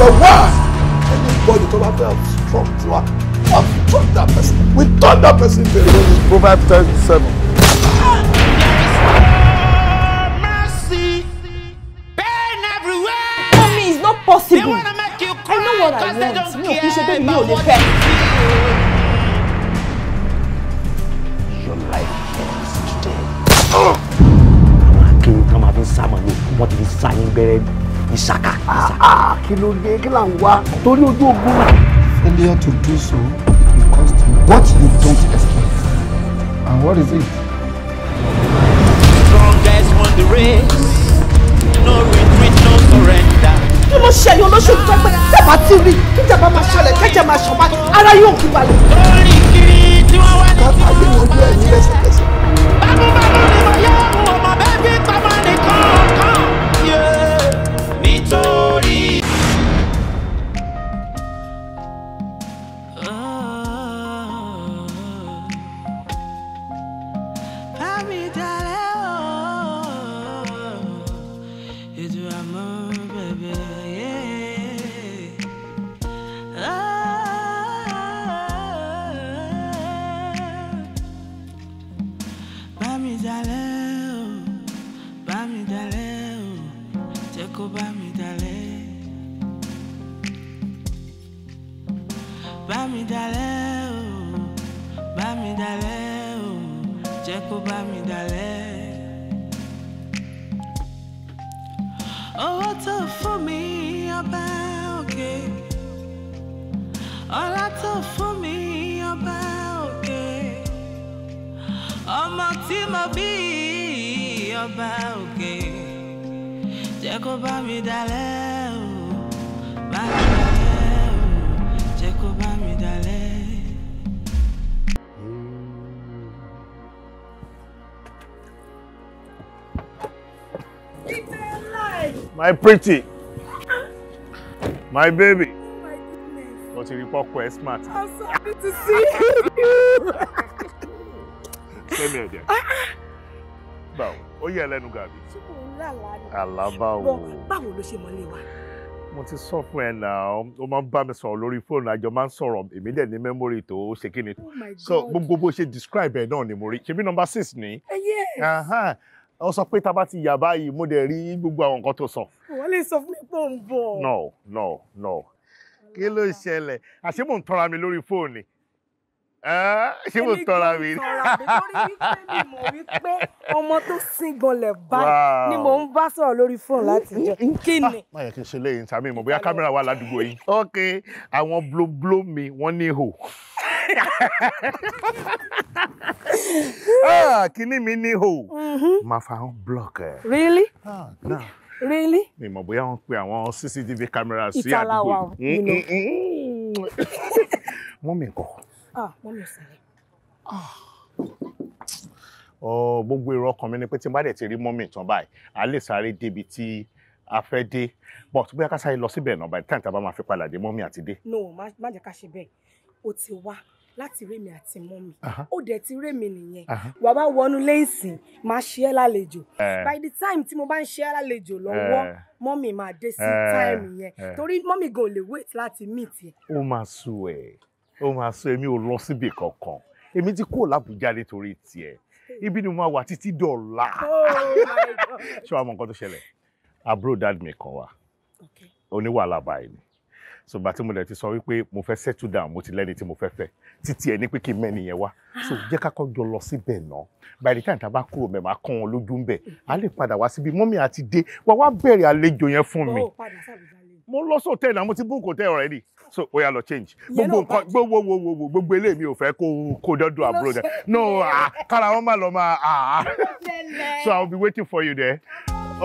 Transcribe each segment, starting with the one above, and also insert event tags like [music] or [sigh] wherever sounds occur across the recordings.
The worst. anybody tó bá fẹ́ strong to am am strong that person we turn that person to a lady. Proverbs ten seven. Mommy, it's not possible. I know what I want. Mi ò kì í ṣe pé Your life ends today. Àwọn akéwì kan máa fi ń sá màlúù, wọ́n ti fi sá ìsàkà. Ah, ah, kí ló dé kí là ń wá torí ojú ogun. failure to do so will cost you what you don't expect and what is it. strongest won the race no retreat no surrender. kí ló ṣe ẹ̀yin olóṣèlú tó pẹ́ tẹ́bà tí rí kíjọba máa ṣọlẹ̀ kẹ́jẹ́ máa ṣọ̀pá ara yóò kú balẹ̀. lórí kiri tí wọ́n wá bàbá bàbá mi tó fún me about it, ọlá tó fún mi ọba òkè ọmọ tí mo bí ọba òkè jẹ́ kó bá mi my pretty my baby Oh mo ti you report? Quite smart. I'm so happy to see you. sẹ́mi ẹ̀jẹ̀ ah. báwo Bow. Oh, lẹ́nu gàbí. ṣùgbọ́n òun rà lánàá. alábàáwò. báwo ló ṣe mọ́lé wa mo ti sọ fún ẹ náà ó máa ń bá mi sọ̀rọ̀ lórí fóònù àjọ máa ń sọ̀rọ̀ èmi dẹ̀ ní mẹ́mórì tó ṣe kí ni oh so gbogbo bó ṣe describe ẹ náà ni mo rí ṣebí nọmba six ni eh, ọ sọ pé tá a bá ti yà báyìí mo dẹ̀ rí gbogbo àwọn nǹkan tó sọ. wọ́n lè sọ fún mi pé ń bọ̀. no no no kí ló ṣẹlẹ̀ àṣé mò ń tọ́ra mi lórí fóònù ṣé mo tọ́ra mi. èmi mọ̀ wípé ọmọ tó sin gbọ̀nlẹ̀ báyìí ni mò ń bá sọ̀rọ̀ lórí fóònù láti jọ kí ni. Ah, má yẹ kí n ṣe léyìn tàbí ìmọ̀ bóyá kámẹ́rà wà ládùúgbò yìí. ok àwọn blóbló mi wọ́n ní ihò. [laughs] Ah, kíní mi ní ihò. máa mm-hmm. fa àwọn block ẹ. really. Ah, nah. really. mi mọ̀ bóyá wọ́n pe àwọn CCTV cameras sí àdúgbò. ìtàlá wa o. wọ́n mi kọ̀ ah mo lọ sílẹ̀. gbogbo èrò ọkàn mi ni pé tí n bá dẹ̀ ti rí mọ́mì tán báyìí a lè sáré débi tí a fẹ́ dé but bóyá ká sáré lọ síbẹ̀ náà by the time tá a bá máa fi padà dé mọ́mì àti dé. no má jẹ́ ká ṣe bẹ́ẹ̀ o ti wá láti rémi àti mọ́mì ó dẹ̀ ti rémi nìyẹn wà bá wọnú lẹ́sìn máa ṣe é lálejò by the time tí mo bá ń ṣe é lálejò lọ́wọ́ mọ́mì máa dé sí táìmù yẹn torí mọ́mì gan ò lè wait láti meet yẹn. ó máa sú ẹ ó máa sọ èmi ò lọ síbi kankan èmi ti kó làbújá nítorí tiẹ̀ ibi ni mo máa wà títí dọ̀la oh [laughs] ṣé wàá mọ nǹkan tó ṣẹlẹ̀ àbúrò dad mi kan wà oníwàhálà báyìí ni so gba tí mo dẹ̀ ti sọ wípé mo fẹ́ settle down mo ti lẹ́ni tí mo fẹ́ fẹ́ títí ẹ̀ ní pé kí n mẹ́ni yẹn wá so ah. jẹ́ ká kọ́ jọ lọ síbẹ̀ náà by the time tá a bá kúrò mẹ́ẹ̀ máa kàn wọn lójú ń bẹ̀ a lè padà wá síbi mọ́mí àti dé wà wá bẹ̀rẹ̀ àlejò yẹn fún mi oh, mo lọ sọtẹ́ẹ̀lì náà mo ti book hotel already so ó lọ change gbogbo nǹkan gbogbo gbogbo gbogbo eléyìí mi ò fẹ́ kó kó dọ́dọ̀ àbúrò dẹ no ah, kára wọn má lọ máa ah, ah. so i will be waiting for you there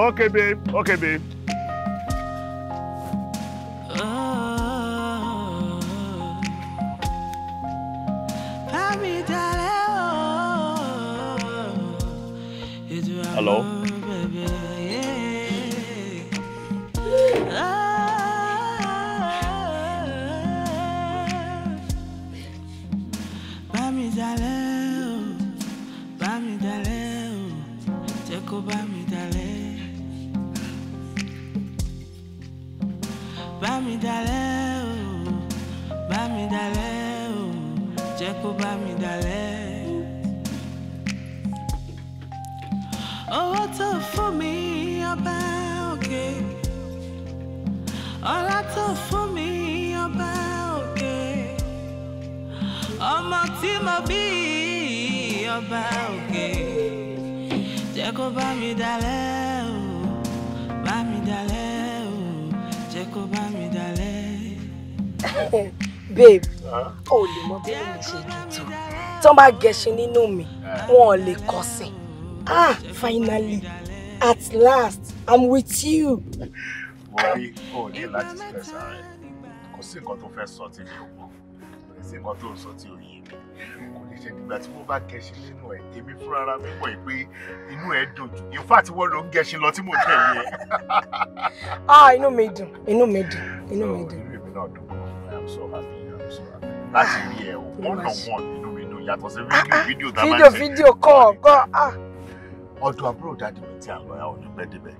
okay babe okay babe. Ah. Hello. mi dalẹ̀ o bá mi dalẹ̀ o jẹ́ kó bá mi dalẹ̀. owó tó fún mi ọba òkè ọlá tó fún mi ọba òkè ọmọ tí mo bí ọba òkè jẹ́ kó bá mi dalẹ̀ o bá mi dalẹ̀ o jẹ́ kó bá babe o lè mọ bí mo ṣe dùtò tí wọn bá gẹṣin nínú mi wọn ò lè ah finally at last i'm with you. mo rí òní láti fẹ́ sáré kò sí nǹkan tó fẹ́ sọ tí mi ò mọ̀ kò sí nǹkan tó ń sọ tí ò mi kò ní ṣe nígbà tí wọ́n bá gẹṣin nínú ẹ̀ èmi fúnra ara mi wọ̀ pé inú ẹ̀ dùn jù in fact wọ́n ló ń gẹṣin lọ mo tẹ̀lé ẹ. [laughs] ah inú mi dùn inú mi dùn inú mi dùn i'm so happy i'm so happy láti rí ẹ o one on one inú mi dùn yàtọ̀ sí fídíò fídíò fídíò fídíò kọ́ kọ́ ọ̀dọ̀ àbúrò dáàdì mi tí a ya òní pẹ́ débẹ̀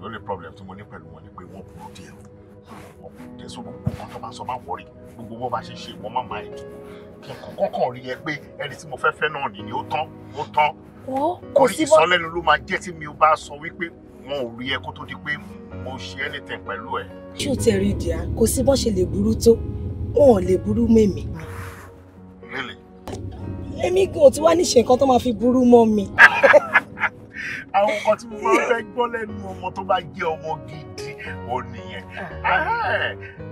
the only problem mo ní pẹ̀lú wọn ni pé wọ́n burú díẹ̀ wọ́n burú díẹ̀ so gbogbo nǹkan tó bá sọ máa wọrí gbogbo wọn bá ṣe ṣe wọn má máa ètò kí nǹkan kọ́kàn rí ẹ pé ẹni tí mo fẹ́ fẹ́ náà nìyí ó tán ó tán kò sí ìsọlẹ́nu ló máa jẹ́ tí mi ò bá sọ wípé wọn ò rí ẹ kó tó di pé mo ṣe anything pẹ̀lú ẹ. ṣé o ti rí ìdíyà kò sí bó ṣe lè burú tó wọn ò lè burú mèmí. really. èmi gan ò ti wá níṣe nǹkan tó máa fi burú mọ́ mi. [laughs] àwọn nǹkan tí mo máa ń fẹ́ gbọ́ lẹ́nu ọmọ tó bá jẹ́ ọmọ gidi ò nìyẹn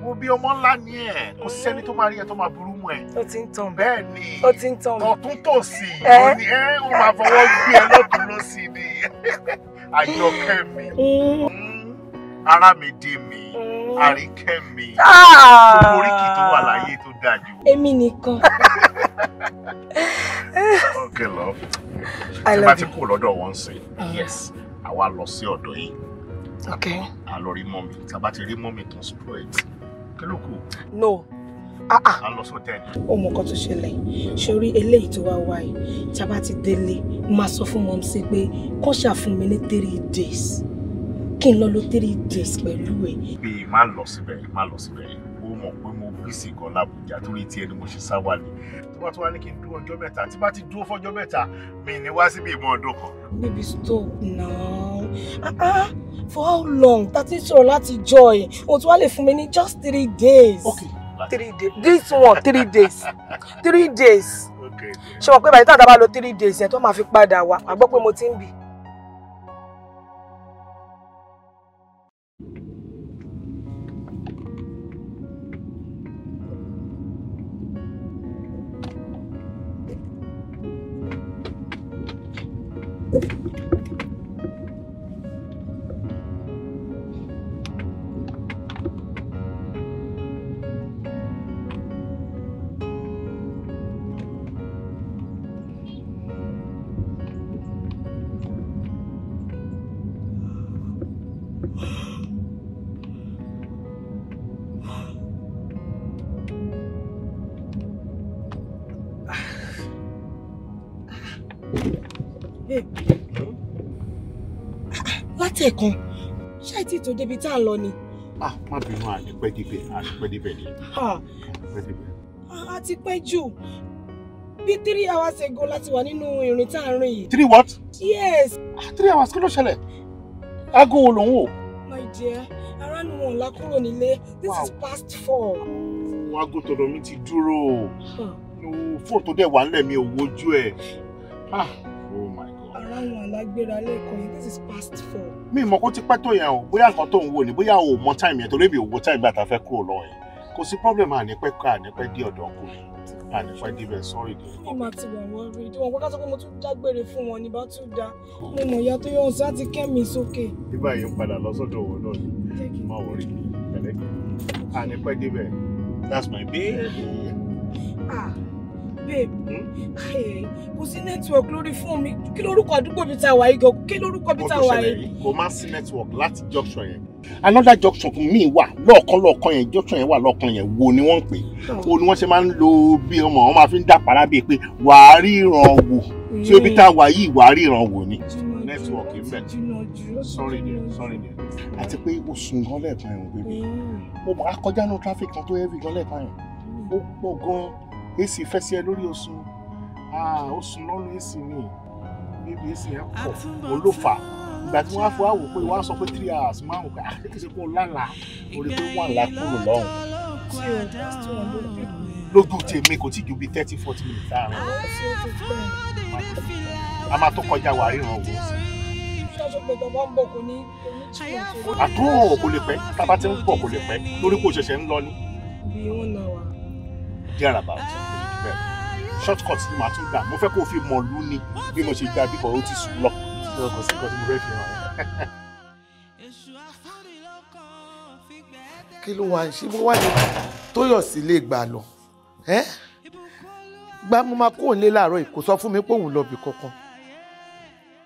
wo ah. bí ọmọ ńlá ni ẹ kò sẹ́ni tó máa rí ẹ tó máa burú mọ́ ẹ. ó ti ń tàn mí bẹ́ẹ̀ ni ó ti ń tàn mí ọ̀tún tòsì ò ní ẹ ó máa fọwọ́ gbé ẹ lọ́tún lọ́sì ni. [laughs] àjọkẹ́ mi mm. ara mi dé mi mm. àríkẹ́ mi gbogbo ah! oríkì tó wà láyé tó dájú. èmi nìkan. okay love ṣe bá ti kú lọ́dọ̀ wọn sí mm. yes àwa lọ sí ọ̀dọ̀ yìí a lọ rí mọ́mì tá a bá ti rí mọ́mì tó ń spoil kí ló kù. no Ah, ah. a lọ sọtẹ́ẹ̀lì. ó mọ nǹkan tó ṣẹlẹ̀ sórí eléyìí tó wá wá yìí tá a bá ti délé máa sọ fún mọ́mí sí pé kó ṣàfún mi ní three days kí n lọ lo three days pẹ̀lú ẹ̀. pé má lọ síbẹ̀ má lọ síbẹ̀ ó mọ̀ pé mo bísí kan làbújá torí tiẹ̀ ni mo ṣe sá wálé tó bá tó wá ní kí n dúró ọjọ́ mẹ́ta tí bá ti dúró fọ́jọ́ mẹ́ta mi ní wá síbi ìmọ̀ ọdún kan. baby stop now ah ah for how long ta ti sọ̀rọ̀ láti joy o tún wá lè fún mi ní just three days. okay three days this one three days three days ṣé wọn pé bàtí tàdá bá lò three days yẹn tó máa fi padà wá a gbọ́ pé mo ti ń bì. thank you kan ṣáà tí tó débi tá à lọ ni. ah má bínú àdìpẹ́ dìbẹ̀ àdìpẹ́ dìbẹ̀ ni. àdìpẹ́ dìbẹ̀. a ti pẹ́ jù bí three hours ago láti wà nínú ìrìn tá à rìn yìí. three what. yes. Ah, three hours kí ló ṣẹlẹ̀ aago wo ló ń my dear ara nu wọn la kúrò nílé this is past four. àwọn aago tọ̀dọ̀ mi ti dúró fóònù tó dẹ̀ wà ńlẹ̀ mi ò wojú ẹ̀. Ah láwọn alágbèrè lẹ́ẹ̀kan yẹn this is past four. mi mọ̀ kó ti pẹ́ tó yẹn o bóyá nǹkan tó ń wò ni bóyá o mọ time yẹn torí mi ò wo time gbà tá a fẹ́ kúrò lọ yẹn kò sí problem ànípẹ́ ká ànípẹ́ dé ọ̀dọ̀ ọkùnrin ànípẹ́ débẹ̀ sọ́ọ̀rì dé. ó máa ti wà wọ́n rí i wọn kọ́kọ́ sọ pé mo tún dágbére fún wọn ní bá tún da mo mọ̀ ìyá tó yọ ọ̀sẹ̀ àti kẹ́mi sókè. bíbá yìí ń padà lọ sọ́dọ̀ òun náà ni má wọrí pẹ̀lẹ́kì ànípẹ́ débẹ̀ that's my baby. ah babe kò sí network lórí fún mi kí lórúkọ àdúgbò mi ta wà yìí gan kí lórúkọ mi ta wà yìí. kò má sí network láti junction yẹn another junction míì wà lọ́ọ̀kan lọ́ọ̀kan yẹn junction yẹn wà lọ́ọ̀kan yẹn wo ni wọ́n ń pè ó ní wọ́n ṣe máa ń lo bí ọmọ wọn máa fi ń dà pàrà bíi pé wàá rí ìran wò tí ó bí tá a wàá rí ìran wò ni network ìfẹ́ sorry dear sorry dear. àti pé o sùn gan lẹ́ẹ̀kan o bèbè mm. mo máa kọjá ní traffic kan tó heavy gan lẹ́ẹ̀kan ẹ̀wọ̀n ó pọ̀ gan èsì fẹsí ẹ lórí oṣù oṣù lọ́nu èsì mi níbi èsì yẹn pọ̀ olófà ìgbà tí wọ́n fọ àwò pé wọ́n sọ pé three hours márùn ká ah, kí ṣe pé o lálà orí pé wọ́n là kúrò lọ́hùn. lójú tèmi kò tí ju bíi thirty forty minutes àárọ̀ a máa tó kọjá wà ríran owó sí àtúwò kò lè pẹ́ tá a bá ti ń bọ̀ kò lè pẹ́ lórí kò ṣẹ̀ṣẹ̀ ń lọ ni. bí wọ́n náà wà thereabout shortcut ni màá tún gbà mo fẹ́ kó o fi mọ̀lú ni bí mo ṣe gba bíkọ̀ ó ti sùn lọ kò sí kò mo fẹ́ fi hàn ẹ́. kí ló wá ń ṣe bó wá ní tóyọ̀sí lè gbà lọ gbá mo máa kó nílé láàárọ̀ yìí kò sọ fún mi pé òun lọ́ọ̀bì kankan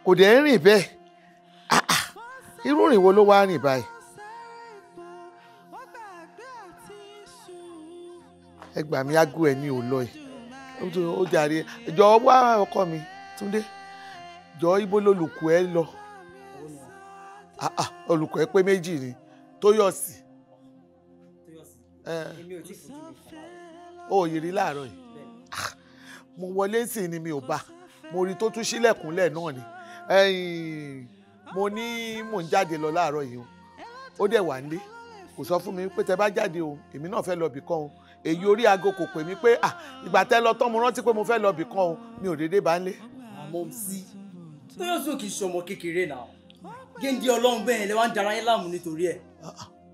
kò dẹ̀ ń rìn bẹ́ẹ̀ ah, ah. irú rìn wo ló wá rìn báyìí. ẹgbà mi ágò ẹ̀ ní ò lọ ẹ̀ ó jàre jọ wá ọkọ mi Túndé jọ ibo lolùkọ́ ẹ lọ olùkọ́ ẹ pé méjì ni Tóyọ̀sí ó yìí rí ah, yìí mo wọlé sí ni mi ò bá mo rí tó tún sílẹ̀kùnlẹ̀ náà ni mo ní mò ń jáde lọ láàárọ̀ yìí o ó dẹ̀ wà nílé kò sọ fún mi pé tẹ bá jáde o èmi náà fẹ́ lọ bìkan o èyí orí aago kò pè mí pé ah ìgbà tẹ́ lọ tán mo rántí pé mo fẹ́ lọ bìkan o mi ò déédéé bá ń lé. àmọ́ sí tóyọ̀sí ò kì í ṣọmọ kékeré náà géńdé ọlọ́run bẹ́ẹ̀ lẹ́wọ́n ń dara yín láàmú nítorí ẹ̀.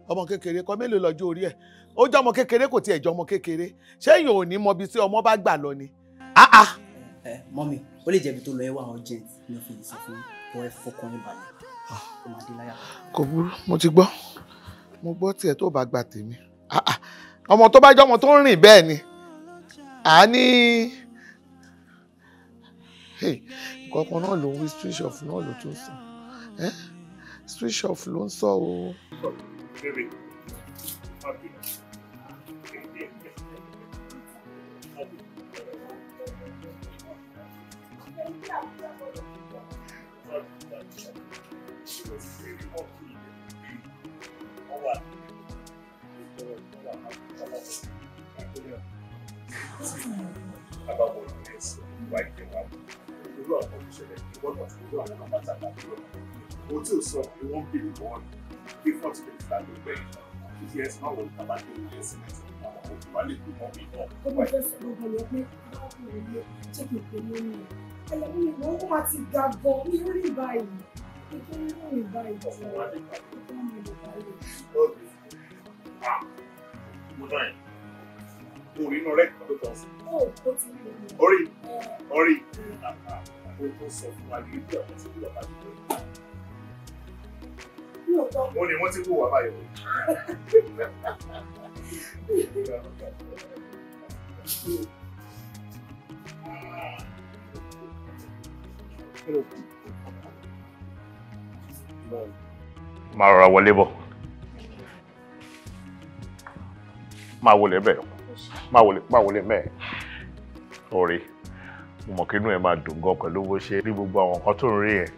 ọmọ kékeré kọ mélòó lọ́jọ́ orí ẹ̀ ó jẹ́ ọmọ kékeré kò tiẹ̀ jẹ́ ọmọ kékeré ṣé èèyàn ò ní mọbi tí ọmọ bá gbà lọ ni. ẹ mọ́mì ó lè jẹ̀bi tó lọ ẹ wá àwọn ní òfin ìsìn fún ọ ẹ fọkàn yín balẹ̀ ah! kò burú mo ti gbọ́ mo gbọ́ tiẹ̀ tó bá gba tèmi ọmọ tó bá jẹ́ ọmọ tó ń rìn bẹ́ẹ̀ ni à á ní kọ̀ọ̀kan náà ló ń wí switch off náà ló tún sọ switch off ló ń sọ o. àbábọ̀ ìlú ẹ̀sìn ìwà ìjẹ̀wà irú àwọn ìṣẹ̀lẹ̀ ìwọ́nà tí irú àwọn àbáta tàbí ọ̀nà ohun tí ò sọ ni wọ́n ń bí ní bọ́ọ̀n bí fọ́tí lè fà ló gbẹ̀ ìdí ẹ̀sìn máa wọ bàbá ní ìlú ẹ̀sìn àti àwọn òkúwa lè gbé mọ́ mi náà. ó máa fẹ́ sọ gbogbo lọ pé arákùnrin ilé jẹ́ kí n pè mọ́ mi ẹlẹ́mú ìwọ̀n ó máa ti ga gan ní orí ìbáyìí nítorí orí ìbáyìí tí wọ́n ń bá ìbáyìí mo náà yẹn mo rí inú rẹ́ẹ̀kì tó tọ̀ sí. Oh, orí eh. orí àwọn [laughs] rọra wọlé bọ̀. máa wọlé bẹ́ẹ̀ máa wọlé máa wọlé bẹ́ẹ̀ ọ̀rẹ́ mo mọ̀ kí inú ẹ̀ máa dùn gan pẹ̀lú bó ṣe rí gbogbo àwọn nǹkan tó ń rí yẹn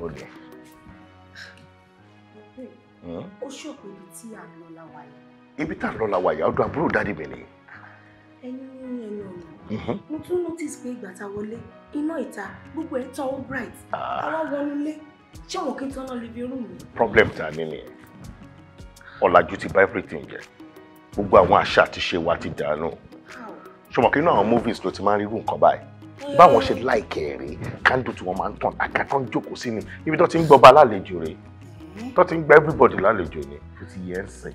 ò ní. Hmm? ó ṣòpin ibi tí à ń lọ la wà yìí. ibi tá à ń lọ la wà yìí ọdún àbúrò dáàdì mi nìyí. ẹyin ní ẹnu ọ̀nà mhm. mo tún notice pé ìgbà tá a wọlé iná ìta gbogbo ẹ̀ tọ́ ó bright àwa ah. wọnú lé ṣé wọn kí n tán náà lè fi rúùmù. problem ta ni nìyẹn ọ̀làjú ti bá everything jẹ́. Yeah gbogbo àwọn àṣà àti ṣe wa ti dànù ṣọmọkì inú àwọn movies ló ti máa ń rí irú nǹkan báyìí báwọn ṣe láìkẹ́ rí kándù tí wọ́n máa ń tàn àkàtọ́ ń jókòó sí ni ibi tó ti ń gbọba lálejò rẹ̀ tó ti ń gba everybody lálejò ni kò sì yẹ ń sìn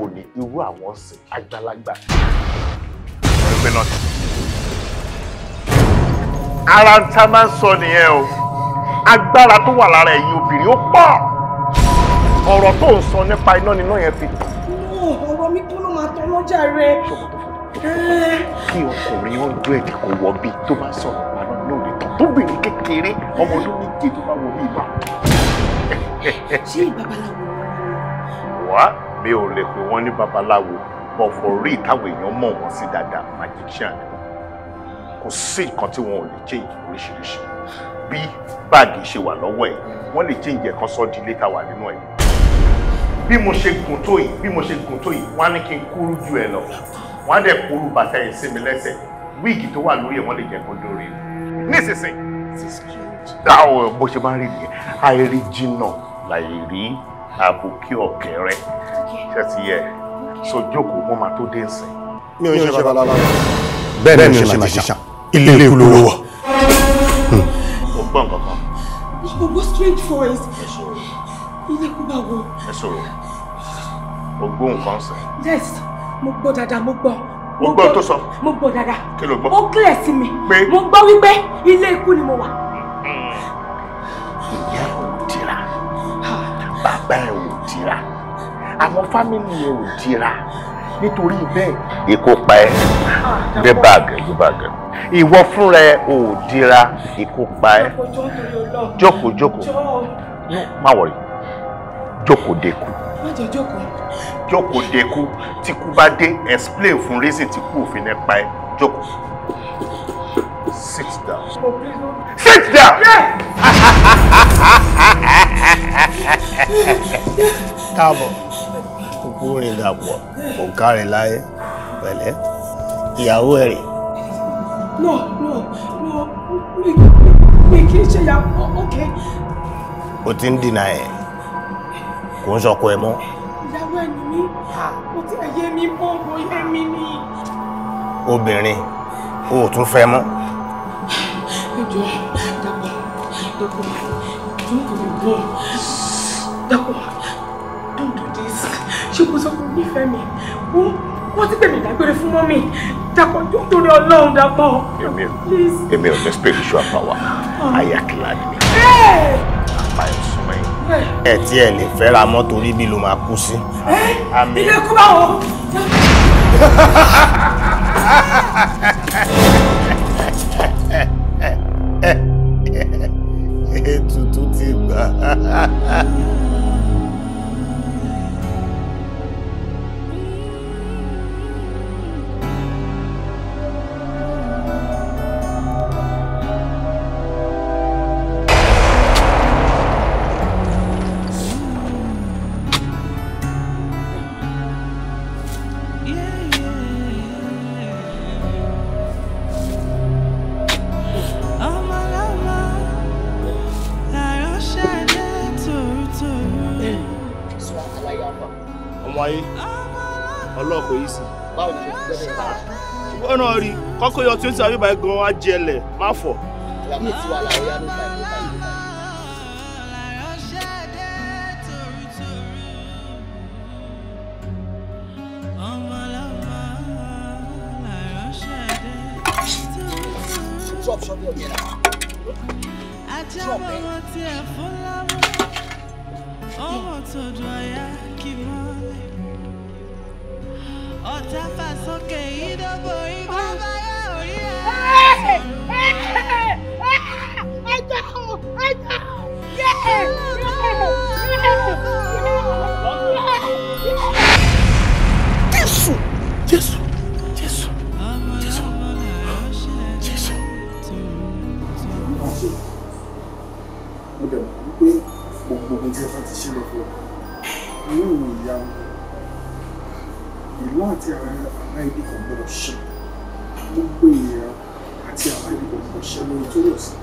ò ní irú àwọn sìn àgbàlagbà ẹgbẹ́ náà ti ara ń tá máa ń sọ nìyẹn o agbára tó wà lára ẹ̀yin obìnrin ó pọ̀ ọ̀rọ̀ tó ń sọ nípa iná níná yẹn fi tàn mú jàre. kí ọkùnrin ọdún ẹ̀ kò wọ bí tó bá sọ̀rọ̀ àná lórí tán tóbìnrin kékeré ọmọ ọdún méje tó bá wọ bí ibà. ṣé babaláwo ni wọn. wá mi ò lè pè wọ́n ní babaláwo but for real táwọn èèyàn mọ̀ wọ́n sí dáadáa magician kò sí nǹkan tí wọn ò lè change oríṣiríṣi bí báàgì ṣe wà lọ́wọ́ ẹ̀ wọ́n lè change ẹ̀kan sọ́ọ́ di ilé nínú ẹ̀ bí mo ṣe gùn tó yìí bí mo ṣe gùn tó yìí wọ́n á ní kí n kúrú ju ẹ lọ wọ́n á dẹ̀ kúrú bàtà yìí sí mi lẹ́sẹ̀ wíìgì tó wà lórí ẹ̀ wọ́n lè jẹ́ kó dóore nísinsìnyí. àwọn bó ṣe máa ń rí nìyẹn àìrí jìnnà láì rí àbùkí ọ̀kẹ́rẹ́ ṣe ti yẹ sojókòó mo máa tó dé nsìn. mi ò ń ṣe babalá bẹ́ẹ̀ ni mi ṣe màṣíṣà ilé ikú ló wọ̀. mo gbogbo strange voice nígbà wo. o gbọ́ nǹkan sọ. yes mo gbọ́ dáadáa mo gbọ́. o gbọ́ tó sọ. mo gbọ́ dáadáa. kí ló gbọ́. ó clear sí mi. pé mo gbọ́ wípé ilé ikú ni mo wà. ìyá ò dira bàbá ẹ ò dira àwọn fámìlì ẹ ò dira nítorí bẹ́ẹ̀ ìkópa ẹ ah, dé bàgẹ̀ dé bàgẹ̀ ìwọ fúnra ẹ ò dira ìkópa ẹ jókòó jókòó má wọrí. Joko Deku. má jẹ́ Joko? Joko Deku, tí kú bá dé explain fún reason tí kú òfin ẹ pa ẹ jókòó. sit down. Oh, please, no. sit down. káàbọ̀ kúkú rìn dàpọ̀ kò kárin láyé pẹ̀lẹ́ ìyàwó ẹ̀ rè. no no no mi kì í ṣe ya ok. o ti ń dìnnà ẹ̀ kò ń sọkọ ẹ mọ́. ìyàwó ẹni mi kò tí ẹ yé mi mọ́ kò yé mi ni. obìnrin o ò tún fẹ́ mọ́. ìjọ dàpọ̀ dàpọ̀ don't be born dàpọ̀ don't do this ṣé kò sọ fún nífẹ̀ẹ́ mi wọ́n wọ́n ti tẹ̀mí ìdágbére fún mọ́mì dàpọ̀ nítorí ọlọ́run dàpọ̀. èmi ò èmi ò ní spiritual power ayakilani ah. Hey! Pious ẹ tí ẹ lè fẹ́ ra mọ́tò rí bí ló máa kú sí. ilé kú bá wọ. [laughs] ètùtù ti gbà. [laughs] tí ó ti sàbí báyìí gan-an á jẹlẹ̀ má fọ̀. ìyàwó ti wà láwọn yàrá ìgbà ìgbà. Drop shot your mirror. Drop fà sókè yìí dọ́gbọ̀ yìí. 结束，结束，结束，结束，结束。你同学，那个玫瑰，我了。嗯，一定你哪天来来这个 ìṣòro ìtòlòsí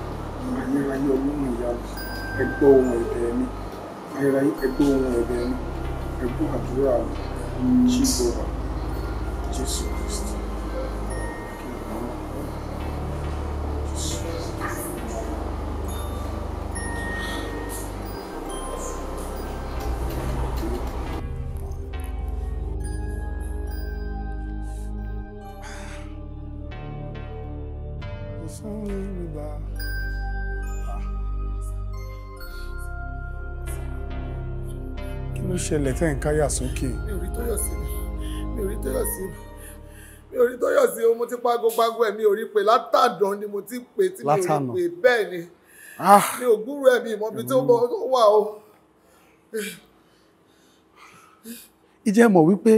ayérayé ọlọ́run ìyanu ẹgbọ́ ohun ẹ̀bẹ̀ mi ayérayé ẹgbọ́ ohun ẹ̀bẹ̀ mi ẹgbọ́ àdúrà mi Jésù Kristi. ṣẹlẹ̀ tẹ́ ń káyà sókè. mi ò rí Tóyọ̀sí mi ò rí Tóyọ̀sí mi ò rí Tóyọ̀sí o mo ti pagopágo ẹ̀ mi ò rí pé látàdán ni mo ti pè tí mi ò rí pé bẹ́ẹ̀ ni ah! mi ò gbúrò ẹ̀ mi ìmọ̀bi tó wà o. ìjẹ́ mọ̀ wípé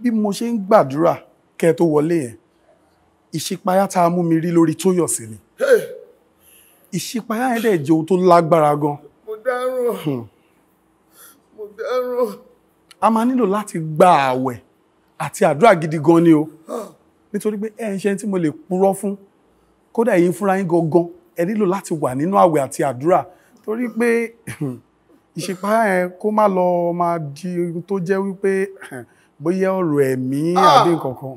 bí mo ṣe ń gbàdúrà kẹ́ ẹ tó wọlé yẹn ìṣípayá tá a mú mi rí lórí Tóyọ̀sí ni ìṣípayá yẹn dẹ̀ jẹ́ ohun tó lágbára gan. mo dárò. Hmm dáràn. a máa nílò láti gba ààwẹ̀ àti àdúrà gidi gan ni o nítorí pé ẹ̀ tí mo lè purọ́ fún kódà ẹ̀yin fúnra yín gangan ẹ nílò láti wà nínú ààwẹ̀ àti àdúrà torí pé [clears throat] ìṣèpáyà yẹn kó má lọ máa di ohun tó jẹ́ wípé [clears throat] bóyá ọ̀rọ̀ ẹ̀mí ah! àbí nǹkan kan.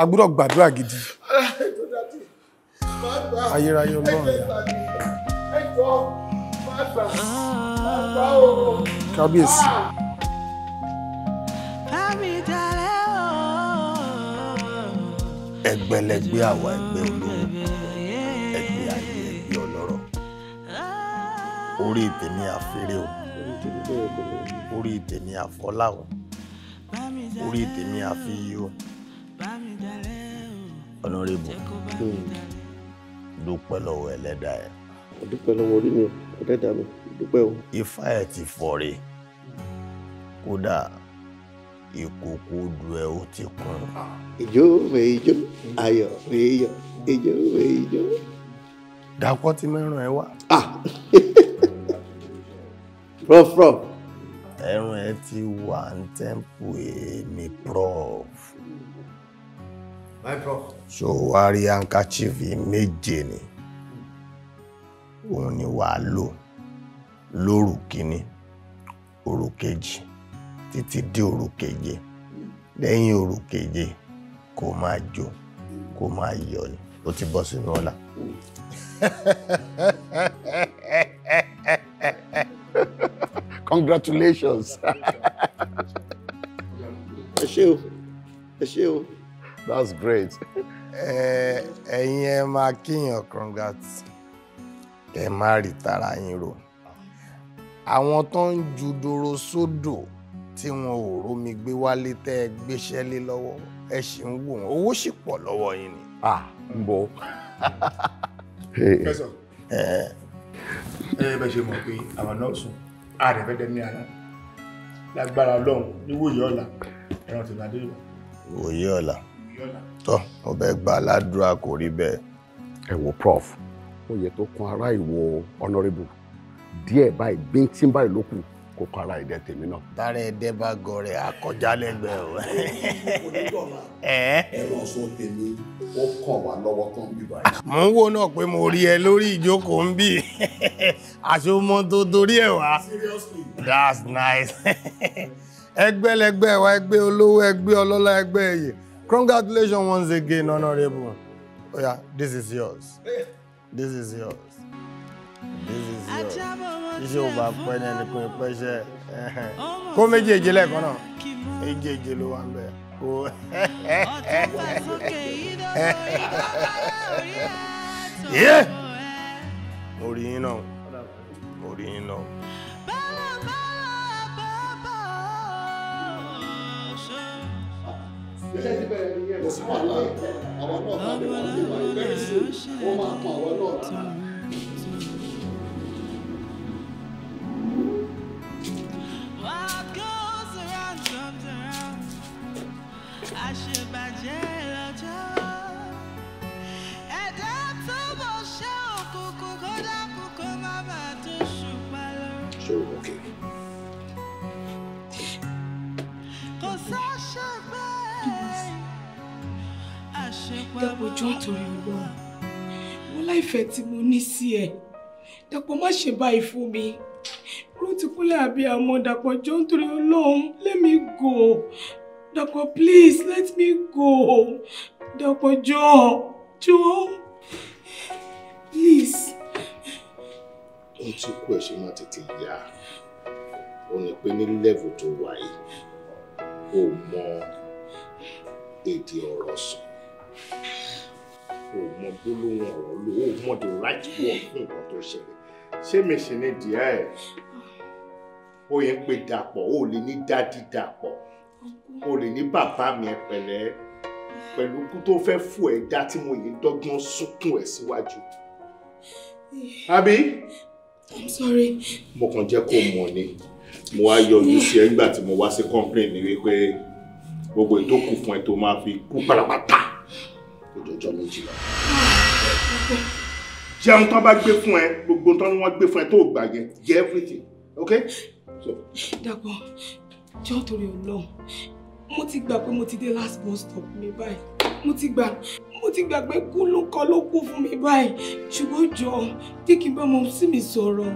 a gbọ́dọ̀ gbàdúrà gidi. ayérayé ọlọ́run yá. ẹjọ má gbà kábíyèsí. ẹgbẹlẹgbẹ àwa ẹgbẹ olówó ẹgbẹ ayé ẹgbẹ ọlọ́rọ̀ orí tèmi àfẹrẹ o orí tèmi àfọláwọ orí tèmi àfiyí o ọ̀nàrẹ́bù hmm. dúpẹ́ lọ́wọ́ ẹlẹ́dàá ẹ̀. ọ̀dúpẹ́ lọ́wọ́ orí mi ẹlẹ́dàá mi dúpẹ́ o. ifá ẹ̀ ti fọ̀re kódà ìkòkò du ẹ ó ti kún. ìjó mèjó ayọ̀ mèjó ìjó mèjó. dàpọ̀ ti mẹ́ràn ẹ wá. Ah. [laughs] prof. ẹ̀rùn ẹ ti wà ní tẹ́ǹpù èmi prof. my prof. so wá rí handkerchief méje ni òun ni wàá lò lóru kìíní òru kejì títí dé òru keje lẹ́yìn òru keje kó máa jó kó máa yọ̀ ni ó ti bọ́ sínú ọ̀la. [laughs] congratulations [laughs] ẹ ṣé o ẹ ṣé o that's great. ẹ̀yin ẹ máa kíyàn congrats ẹ má rí tara yín rò àwọn tó ń ju doro sódò tí wọn ò rómi gbé wálé tẹ́ ẹ gbéṣẹ́ lé lọ́wọ́ ẹ ṣì ń wò wọn owó sì pọ̀ lọ́wọ́ yín ni. à ń bọ̀. pẹ́sọ̀ ẹ ẹ bẹ ṣe mọ̀ pé àwọn náà sùn àrẹ̀fẹ́dẹ́ ní ara lágbára ọlọ́run níwòye ọ̀la ẹran tìlú adéyẹ̀wò. ìwòye ọ̀la tọ́ mo bẹ gbà ládùúrà kò rí bẹ́ẹ̀. ẹ wo prof ó yẹ tó kún ara ìwọ honourable díẹ̀ báyìí bíntín báyìí ló kù kó ara ìdẹ tèmi náà. tára ẹdẹ bá gọrẹ àkọjá lẹ́gbẹ̀ẹ́ o. ẹ̀rọ sọ tèmi ó kàn wá lọ́wọ́ kan bí báyìí. Ah, mò ń wò náà pé mo rí ẹ lórí ìjókòó ń bì àṣomọ [laughs] tó torí ẹ wá. that's nice. [laughs] ẹgbẹ́lẹ́gbẹ́ wa ẹgbẹ́ olówó ẹgbẹ́ ọlọ́lá ẹgbẹ́ ẹ̀yẹ congratulations once again honourable oya this is yours this is yours iṣẹ́ ò bá pẹ́ ní ẹnìkan ìpẹ́ṣẹ́ kó méjèèjì lẹ́ẹ̀kan náà méjèèjì ló wà ń bẹ̀ kó. [laughs] mo rí yín náà mo rí yín náà. iṣẹ́ ti bẹ̀rẹ̀ nìyẹn kò sí wàhálà àwọn náà bá bẹ̀rẹ̀ wọ́n máa pa àwọn náà tán. What goes around comes around. Àṣebàjẹ́ lọ́jọ́. Ẹ̀dá tó mọ̀ ṣe òkùnkùn kó dákú kó má bàa tó tí mo ní sí ẹ. Dàpọ̀ má ṣe báyìí fún mi. Rótìkúnlé abiyamọ Dàpọ̀ jọ nítorí Ọlọ́run let me go Dàpọ̀ please let me go Dàpọ̀ jọ jọ please. ohun tí kú ẹ̀ ṣe máa tètè yá ó ní pé ní lẹ́vù tó wà yìí ó mọ èdè ọ̀rọ̀ sọ ó mọ gbólóhùn ọ̀rọ̀ lò ó mọ the right word fún nǹkan tó ṣẹlẹ̀ ṣé mi sì ni díẹ̀ ẹ̀ ó yẹ pé dàpọ̀ ó lè ní dádì dàpọ̀ ó lè ní bàbá mi ẹ pẹ̀lú kú tó fẹ́ fò ẹ̀ dá tí mo yìí dọ́gbọ́n sunkún ẹ̀ síwájú. àbí. i'm sorry. mo kàn jẹ́ kó mọ̀ ni mo wá yọjú sí ẹ nígbà tí mo wá sí complain ni wípé gbogbo ètò kù fún ẹ tó máa fi kú pàràpàtà ojoojọ́ méjìlá. jẹun tó bá gbé fún ẹ gbogbo tó ń wọ́n gbé fún ẹ tó gbàgẹ́ jẹ everything okay. Dàpọ̀ jọ́ torí Ọlọ́run mo ti gbà pé mo ti dé last bus stop mi báyìí mo ti gbà mo ti gbà pé kú ló kọ ló kú fún mi báyìí ṣùgbọ́n jọ jẹ́ kí n bá mọ sí mi sọ̀rọ̀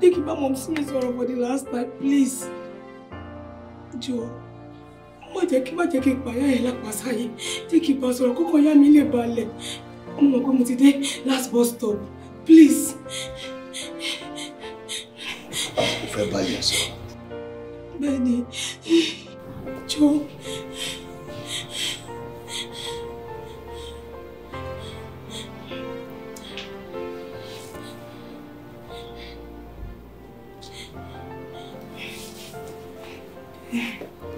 jẹ́ kí n bá mọ sí mi sọ̀rọ̀ for the last time please jọ má jẹ́ kí má jẹ́ kí n pààyà ẹ̀ lápasá yìí jẹ́ kí n bá sọ̀rọ̀ kókó yá mi lè balẹ̀ mo mọ̀ pé mo ti dé last bus stop please fẹ́ bá yẹn sọ. bẹ́ẹ̀ni jọ.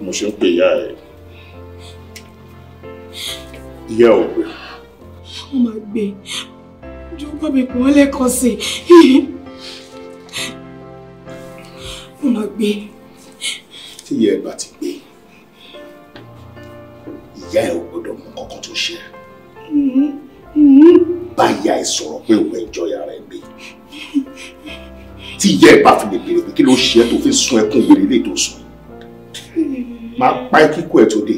mo ṣe ń pè ìyá ẹ ìyá ò gbé. wọ́n máa gbé jọ bá mi pọ́n lẹ́kọ̀ọ́ sí i mo lọ gbé. tí ìyá ẹ bá ti gbé ìyá ẹ ò gbọ́dọ̀ mú kankan tó ṣe. bá ìyá ẹ sọ̀rọ̀ pé òun ẹjọ́ yàrá ẹ gbé tí ìyá ẹ bá fi lè béèrè pé kí ló ṣe ẹ tó fi sun ẹkún wèrè lè tó sùn máa pa ẹ kíkó ẹ tó dé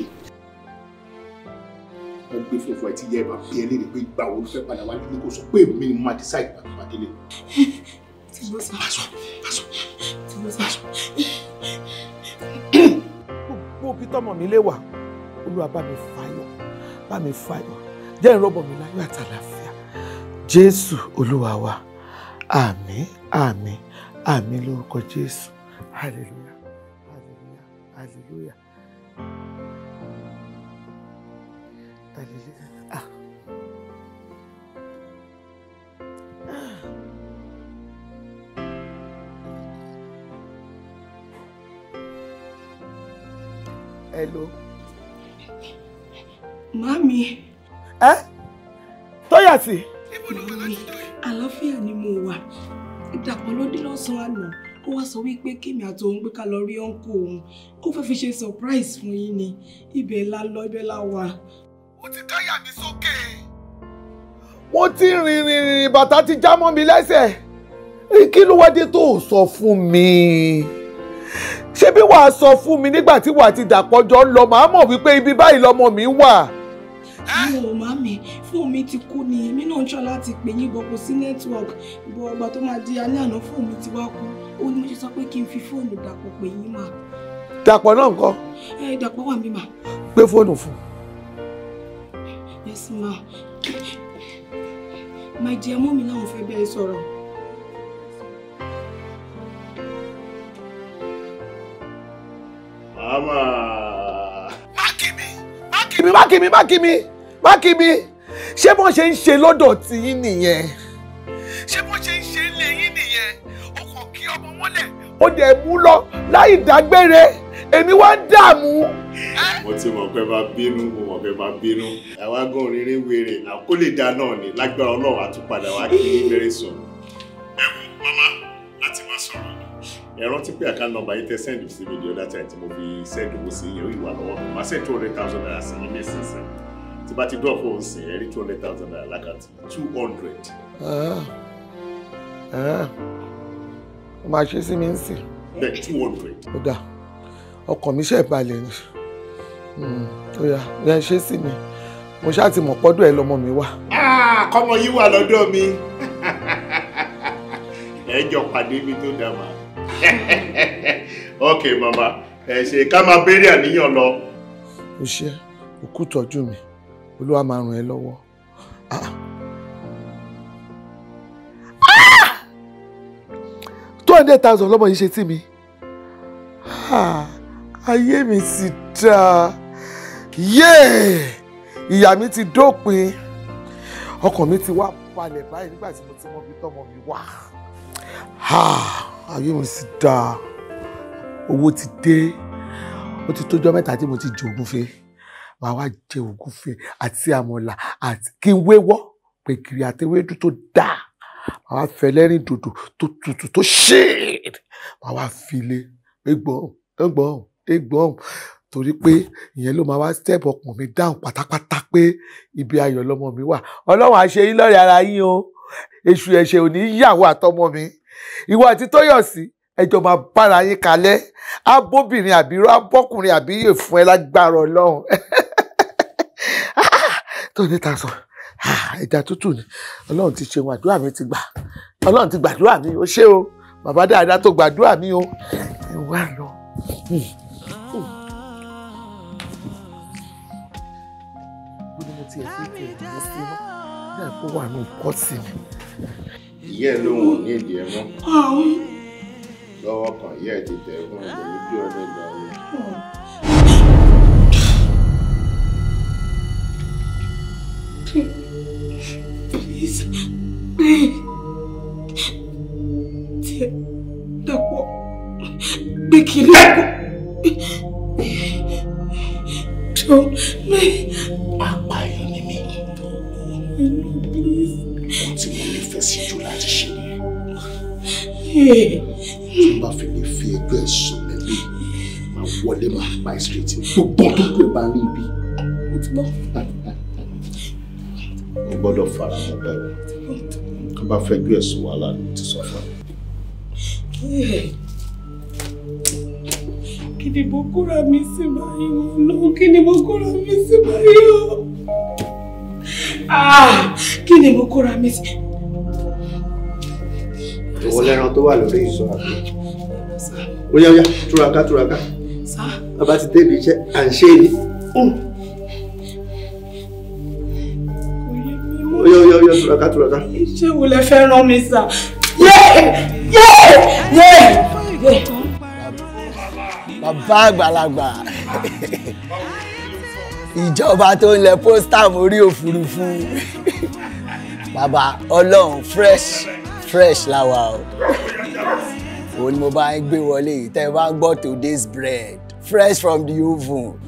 wọn gbé fún fún ẹ tí ìyá ẹ bá bí ẹ léèrè pé ìgbà wo ló fẹ́ padà wá nílé kó sọ pé èmi ni mo máa decide pàtó pàdé lè. Pásọ pásọ gbogbo bí tọmọ mi lé wà olúwa bá mi fàyọ̀ bá mi fàyọ̀ jẹ́ ìrọ́bọ̀ mi láyọ̀ àtàlàfíà jésù olúwa wa àmín àmín àmín lórúkọ jésù hallelujah hallelujah hallelujah. lọ. Màmí. Ẹ́ Tóyàsí. Màmí, àlàáfíà ni mo wà. Ìdàpọ̀ ló dé lọ́sàn-án àná. Ó wá sọ wípé kémi àti òun gbé ká lọ rí ọ́nkù òun. Ó fẹ́ fi ṣe surprise fún yín ni. Ibẹ̀ la lọ, ibẹ̀ la wà. Ó ti káyà mi sókè. Mo ti rìn rìn rìn bàtà ti já mọ́ mi lẹ́sẹ̀. Kí ló wá dé tó sọ fún mi? ṣé bí wàá sọ fún mi nígbà tí wàá ti dàpọ̀ jọ ń lọ màá mọ̀ wípé ibi báyìí lọmọ mi wà. mo ò má mi fóònù mi ti kú ni èmi náà ń ṣọ́ láti pè yín bọ̀ kò sí network bọ̀ ọgbà tó máa di alẹ́ àná fóònù mi ti wá kú ó ní mo ṣe sọ pé kí n fi fóònù dàpọ̀ pè yín mà. dàpọ̀ náà ńkọ́. ẹ dàpọ̀ wà mí mà. gbé fóònù fún. yes ma my dear mọ́mi láwọn fẹ́ bẹ́ẹ̀ sọ̀rọ̀. màmá. má kí mi má kí mi má kí mi má kí mi má kí mi ṣé bọ́n ṣe ń ṣe lọ́dọ̀ tí yín nìyẹn ṣé bọ́n ṣe ń ṣe ilé yín nìyẹn o kò kí ọmọ mọ́lẹ̀ ó dẹ̀ mú lọ láì dágbére èmi wá ń dààmú. mo ti mọ̀ pé máa bínú mo mọ̀ pé máa bínú àwa gan-an rere wèrè àkólè dáná ni lágbára ọlọ́run àtúpadà wá kí ní bẹ̀rẹ̀ sọ̀rọ̀. ẹ rántí pé àká nọ́mbà yìí tẹ send sí mi the other time tí mo fi send owó sí yẹn ó ìwà lọ́wọ́ mi màá send two hundred thousand naira sí yín nísinsìnyí tí bá ti dọ́ọ̀ fóun sí ẹ rí two hundred thousand naira lákàtí two hundred. Ah, ah. ó máa ṣe sí mi ń sìn. bẹ́ẹ̀ two hundred. ó dà ọkàn mi ṣe balẹ̀ ni hmm, ó yá yẹn ṣe sí mi mo ṣáà ti mọ̀ pọ́dọ̀ ẹ lọmọ mi wà. Ah, kọ́mọ yìí wà lọ́dọ̀ mi [laughs] ẹ jọ pàdé mi tó dá màá. [laughs] Okay, mama ẹ ṣe ká máa béèrè àníyàn lọ. o ṣe òkú tọ́jú mi olúwa máa ràn ẹ́ lọ́wọ́. Ah! two hundred thousand lọ́mọ yìí ṣe tí mi ah, ayé mi ti dáa yéè ìyá mi ti dópin ọkàn mi ti wá balẹ̀ báyìí nígbà tí mo ti mọ ibi tọ́mọ mi wà. Ah! ayé mi sì dáa owó ti dé ó ti tójọ́ mẹ́ta tí mo ti jẹ ògúnfe màá wá jẹ ògúnfe àti àmọ̀là àti kí n wéwọ́ pé kiri àtẹwédú tó dáa màá wá fẹ́ lẹ́rìn dòdò tó tutù tó ṣéèd màá wá file egbọ̀n egbọ̀n egbọ̀n torí pé ìyẹn ló máa wá step ọkàn mi dáhùn pátápátá pé ibi ayọ̀ lọmọ mi wà ọlọ́run á ṣe yín lọ́rẹ̀ ara yín o èṣù ẹ̀ṣẹ̀ ò ní yàwó àtọmọ mi ìwọ àti Tóyọ̀sí ẹjọ́ máa bára yín kalẹ̀ abóbìnrin àbíró abọ́kùnrin àbíyè fún ẹ lágbára Ọlọ́run tó ní ta sọ ẹja tútù ni Ọlọ́run ti ṣe wọn àdúrà mi ti gbà Ọlọ́run ti gbàdúrà mi ó ṣé o bàbá dáadáa tó gbàdúrà mi o ẹ lọ. Hmm. Hmm. mo ní mo tiẹ̀ fi tẹ̀ sí iná ní àpò wà ní nǹkan sí mi ìyá ẹ lóhùn ní èdè ẹ mọ́ lọ́wọ́ kan ìyá ẹ ti tẹ̀ fún ẹ pẹ̀lú bí ọ̀rẹ́ ìgbà wo. Please, please. pé kí n lẹ́kọ̀ọ́. Jọ mi. Apààyàn ni mí. please nífẹ̀ẹ́ sí jù láti ṣe nìyẹn. Hmm. tí n bá fi lè fi ẹgbẹ́ ẹ̀sùn mi máa wọlé máa pa ẹ̀ straight gbogbo tó kú ẹ̀ bá rí ibi. mo gbọ́dọ̀ fara mọ́ bẹ́ẹ̀ tó bá fẹ́ gbé ẹ̀sùn wàhálà ni mo ti sọ fún ẹ. kí ni mo kóra mi sí báyìí wọn kí ni mo kóra mi sí báyìí o. Ah, kí ni mo kóra mi sí ìwọ lẹ́ran tó wà lórí ìṣọ́ àbí. ó yá ó yá túraká túraká bàbá ti débi iṣẹ́ à ń ṣe ni. Hmm. ó yá ó yá ó yá túraká túraká. iṣẹ́ wo lẹ fẹ́ rán mi sà? yéé yéé yéé. bàbá àgbàlagbà ìjọba tó ń lẹ pósítà mórí òfurufú bàbá ọlọ́run fresh fresh láwa o òun ni mo bá ń gbé wọlé yìí tẹ́ ẹ bá ń gbọ́ today's bread fresh from the oven.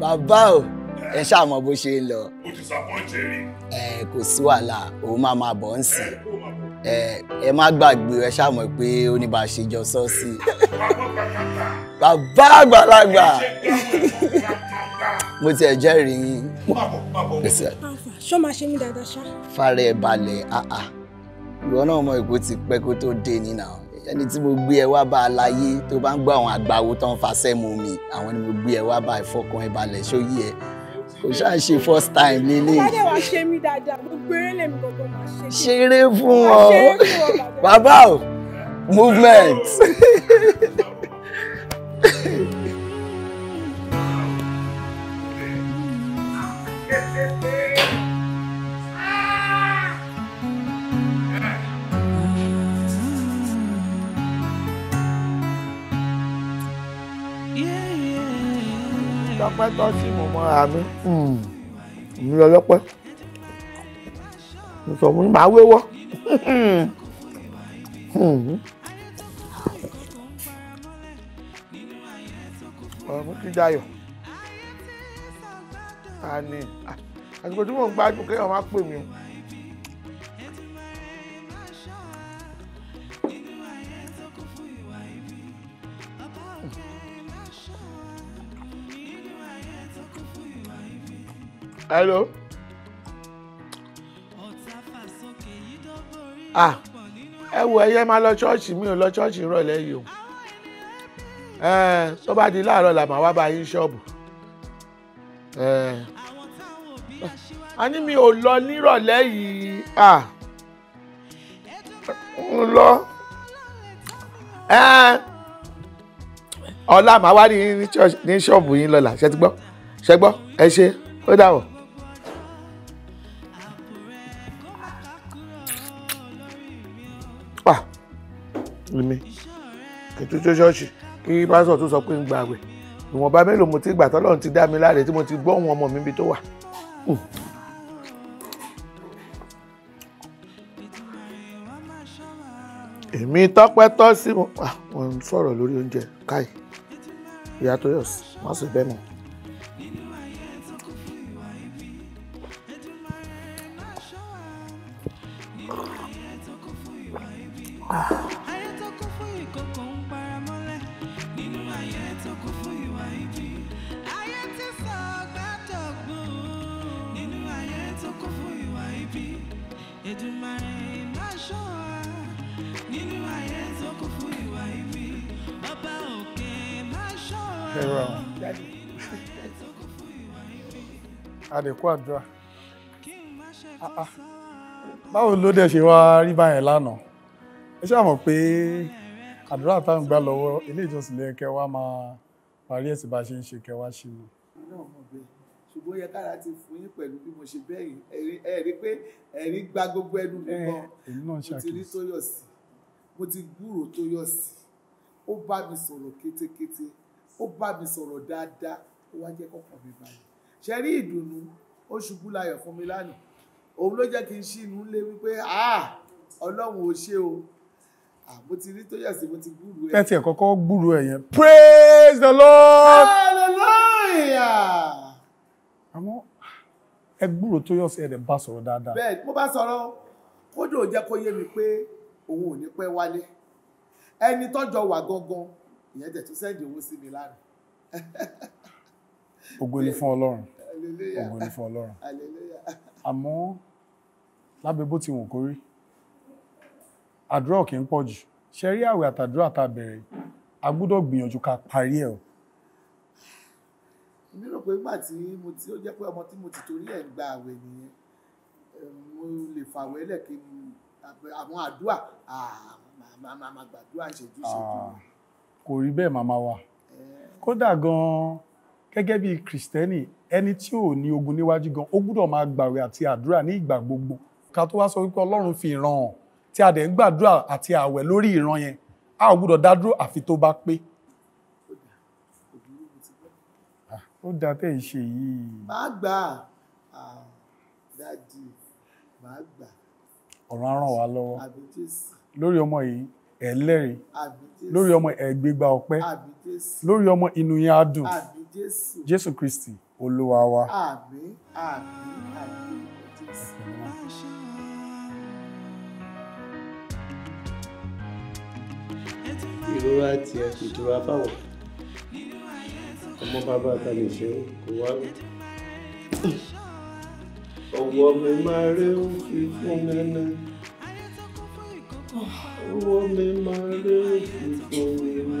bàbá o ẹ ṣáà mọ bó ṣe ń lọ. o ti sàpọ́ǹtì rí. ẹ kò sí wàhálà òun máa máa bọ̀ ń sìn ẹ má gbàgbé ẹ ṣáà pé ó ní bá a ṣe jọ sọ́ọ̀sì. bàbá àgbàlagbà mo ti ẹ̀ jẹ́rìí yín. ṣó máa ṣe mí dáadáa ṣá. fara ẹ balẹ̀ àà ah, ah. ìwọ náà mọ èkó ti pẹ́ kó tó dé nínà ẹni tí mo gbé ẹ wá bá a láyé tó bá ń gbọ́ àwọn àgbàwo tó ń fa sẹ́mu mi àwọn ni mo gbé ẹ wá bá ìfọkàn ẹ balẹ̀ ṣó ẹ kò ṣáà ṣe first time lélẹ̀. wọ́n lè wá ṣe mí dáadáa gbogbo eré lèmi gbọ̀ngàn máa ṣe. ṣeré fún ọ bàbá o movement. [laughs] lọ́pẹ́ tọ́ sí mo mọ àmì mi lọ hmm. lọ́pẹ́ mo sọ mo ní màá wéwọ́ hmm. ọ̀rọ̀ kí dayọ̀ ta ni àsìkò tí mò ń gbádùn kéèyàn má pè mí o. hello. ah ẹ wo ẹyẹ máa lọ ṣọ́ọ̀ṣì mi ò lọ ṣọ́ọ̀ṣì rọ̀lẹ́ yìí o tó bá di láàárọ̀ là máa wá bá yín ṣọ́ọ̀bù a ní mi ò lọ nírọ̀lẹ́ yìí ń lọ ọ̀la màá wá ní ṣọ́ọ̀bù yín lọ́la ṣe ti gbọ́ ṣe gbọ́ ẹ ṣe èmi kí n tún tó ṣọ́ọ̀ṣì kí pásítọ̀ tún sọ pé ń gba àwẹ̀ ìwọ̀nba mélòó mo ti gbà tọ́lọ́run ti dá mi láre tí mo ti gbọ́ ohun ọmọ mi ibi tó wà. èmi tọ́pẹ́ tọ́ sí wọn ah, sọ̀rọ̀ lórí oúnjẹ káì ìyá tó yọ̀ sí wọ́n sì bẹ́ẹ̀ mọ́. àdẹ̀kú àdúrà ah, ah. báwo ló dẹ̀ ṣe wá rí báyẹn lánàá ẹ ṣáà mọ̀ pé àdúrà táwọn gbà lọ́wọ́ ilé ìjọsìn lẹ́yìn kẹ́ wá máa parí ẹ̀sìn bá ṣe ń ṣe kẹ́ wá ṣe mọ́. ṣùgbọ́n yẹ kára ti fún yín pẹ̀lú bí mo ṣe bẹ́ẹ̀ ẹ̀rí pé ẹ̀rí gba gbogbo ẹnu mi eh, mọ́ mo ti rí tó yọ̀ sí mo ti gbúrò tó yọ̀ sí ó bá mi sọ̀rọ̀ kétékété ó bá mi sọ̀rọ̀ dáadáa ó wá jẹ́ kọ́kọ́ mi balẹ̀ ṣe ìdùnnú ó ṣubú layọ̀ fún mi lánàá òun ló jẹ́ kí n ṣì inú lé wípé ọlọ́run ò ṣe o mo ti rí tó yàtọ̀ mo ti gbúrú ẹ. tẹ́tí ẹ̀ kọ́kọ́ gbúrú ẹ̀ yẹn praise the lord. hallelujah. àmọ́ ẹ gbúrò tó yọ̀ sí ẹ̀ bá sọ̀rọ̀ dáadáa. bẹ́ẹ̀ mo bá sọ̀rọ̀ kódò jẹ́ kó yé mi pé òun ò ní pẹ́ wálé ẹni tọ́jọ́ wà gangan ìyẹn tẹ̀ tún sẹ́ndì owó sí mi lára. ògo fún ọlọ́run ògo ni fún ọlọ́run [laughs] àmọ́ lábẹ́ bó ti wù kórí àdúrà kì í pọ̀ jù ṣe rí àwẹ̀ àtàdúrà tá a bẹ̀rẹ̀ a gbọ́dọ̀ gbìyànjú ká parí ẹ̀ o. èmi rò pé nígbà tí mo ti ó jẹ́ pé ọmọ tí mo ti torí ẹ̀ gba àwẹ̀ nìyẹn eh, mo lè fàwẹ̀ lẹ̀ kí n àwọn àdúrà màmá gbàdúrà ṣèjú ṣèjú. kò rí bẹ́ẹ̀ màmá wa eh. kódà gan-an gẹ́gẹ́ bí kìrìsìtẹ́nì ẹni tí ò ní ogun níwájú gan ó gbúdọ̀ máa gbàwẹ̀ àti àdúrà ní ìgbà gbogbo ká tó wá sọ wípé ọlọ́run fi ìran hàn tí a dẹ̀ ń gbàdúrà àti àwẹ̀ lórí ìran yẹn a ò gbúdọ̀ dádúró àfi tó bá pé. Ah, ó dáa tẹ́ ì ṣe yìí. máa gbà ah, á dáàdì máa gbà. ọ̀run ràn wá lọ́wọ́ lórí ọmọ yìí ẹlẹ́rìí lórí ọmọ ẹ̀gbẹ́gba ọpẹ́ lórí ọmọ inú yẹn jésù kristi olúwa wa. àmín àmín àmín jésù. ìrora tí ẹ kò tura fáwọn ọmọ bàbá ta lè ṣe kó wá lọ. ọwọ́ mi máa rí ó fi fún mi ná. ọwọ́ mi máa rí ó fi fún mi ná.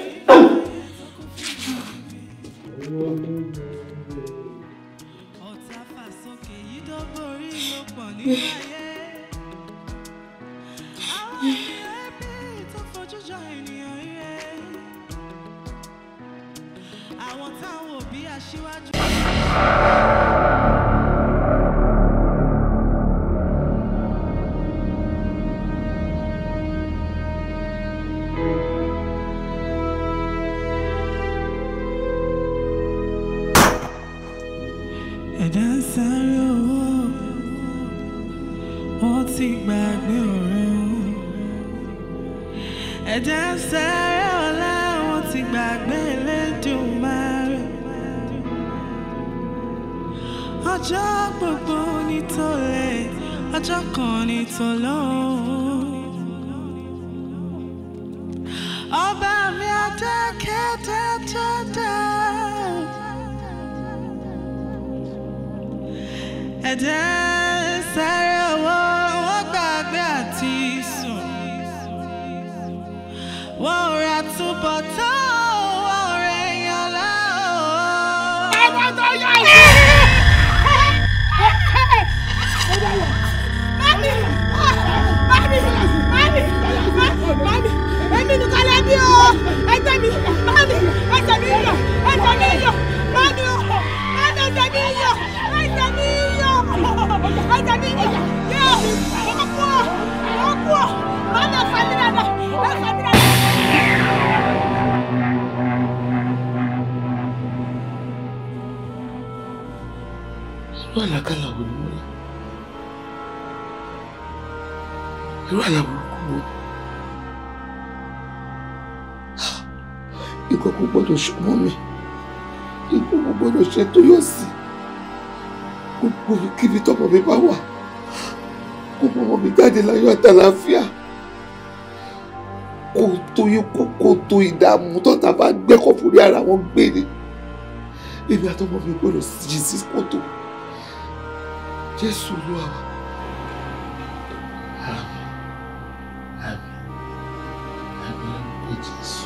èmi àtọmọ mi gbọ́dọ̀ Jesus sí kòtò jésù olúwa wa. àmín àmín àmín lórúkọ jésù.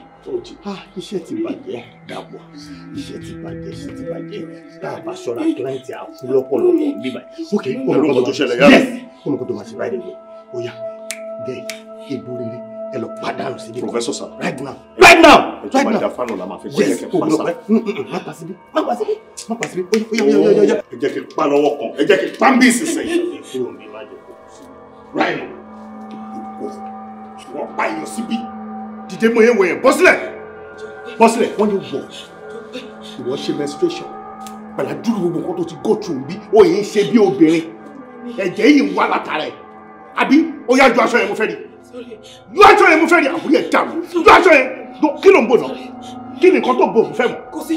Ah, ti iṣẹ́ ti bàjẹ́ dàpọ̀ iṣẹ́ ti bàjẹ́ iṣẹ́ ti bàjẹ́ tá a bá ṣọ́ra kílẹ̀ǹtì àkú lọ́pọ̀lọpọ̀ bíbá ok olùkọ́ tó ṣẹlẹ̀ yára olùkọ́ tó máa ṣe báyìí nìyẹn ó yá bẹ́ẹ̀ ebo rere ẹ lọ pàdánù síbi. professor sir right now right now right now ẹjọba ìdáfàánù la máa fi gbé ẹkẹ fún sa. má pa síbí má pa síbí má pa síbí ó yá ó yá ó yá. ẹ jẹ́ kí n pa lọ́wọ́ kan ẹ jẹ́ kí n pa ń bí ìsinsìnyí. right now wọ́n pa èèyàn síbí dìde mọ ewé yẹn bọ́ sílẹ̀ bọ́ sílẹ̀ wọ́n ní wọ̀ ìwọ ṣe menstruation pẹ̀lú dúró gbogbo nǹkan tó ti go through bí ó yẹn ń ṣe bí obìnrin ẹ̀jẹ̀ yìí ń wá látara ẹ̀ àbí ó yá ju aṣọ yẹn mo fẹ́ rí ju aṣọ yẹn mo fẹ́ rí àbúrò yẹn dàrú ju aṣọ yẹn kí ló ń bò náà kí ni nǹkan tó bò mo fẹ́ mọ̀. kò sí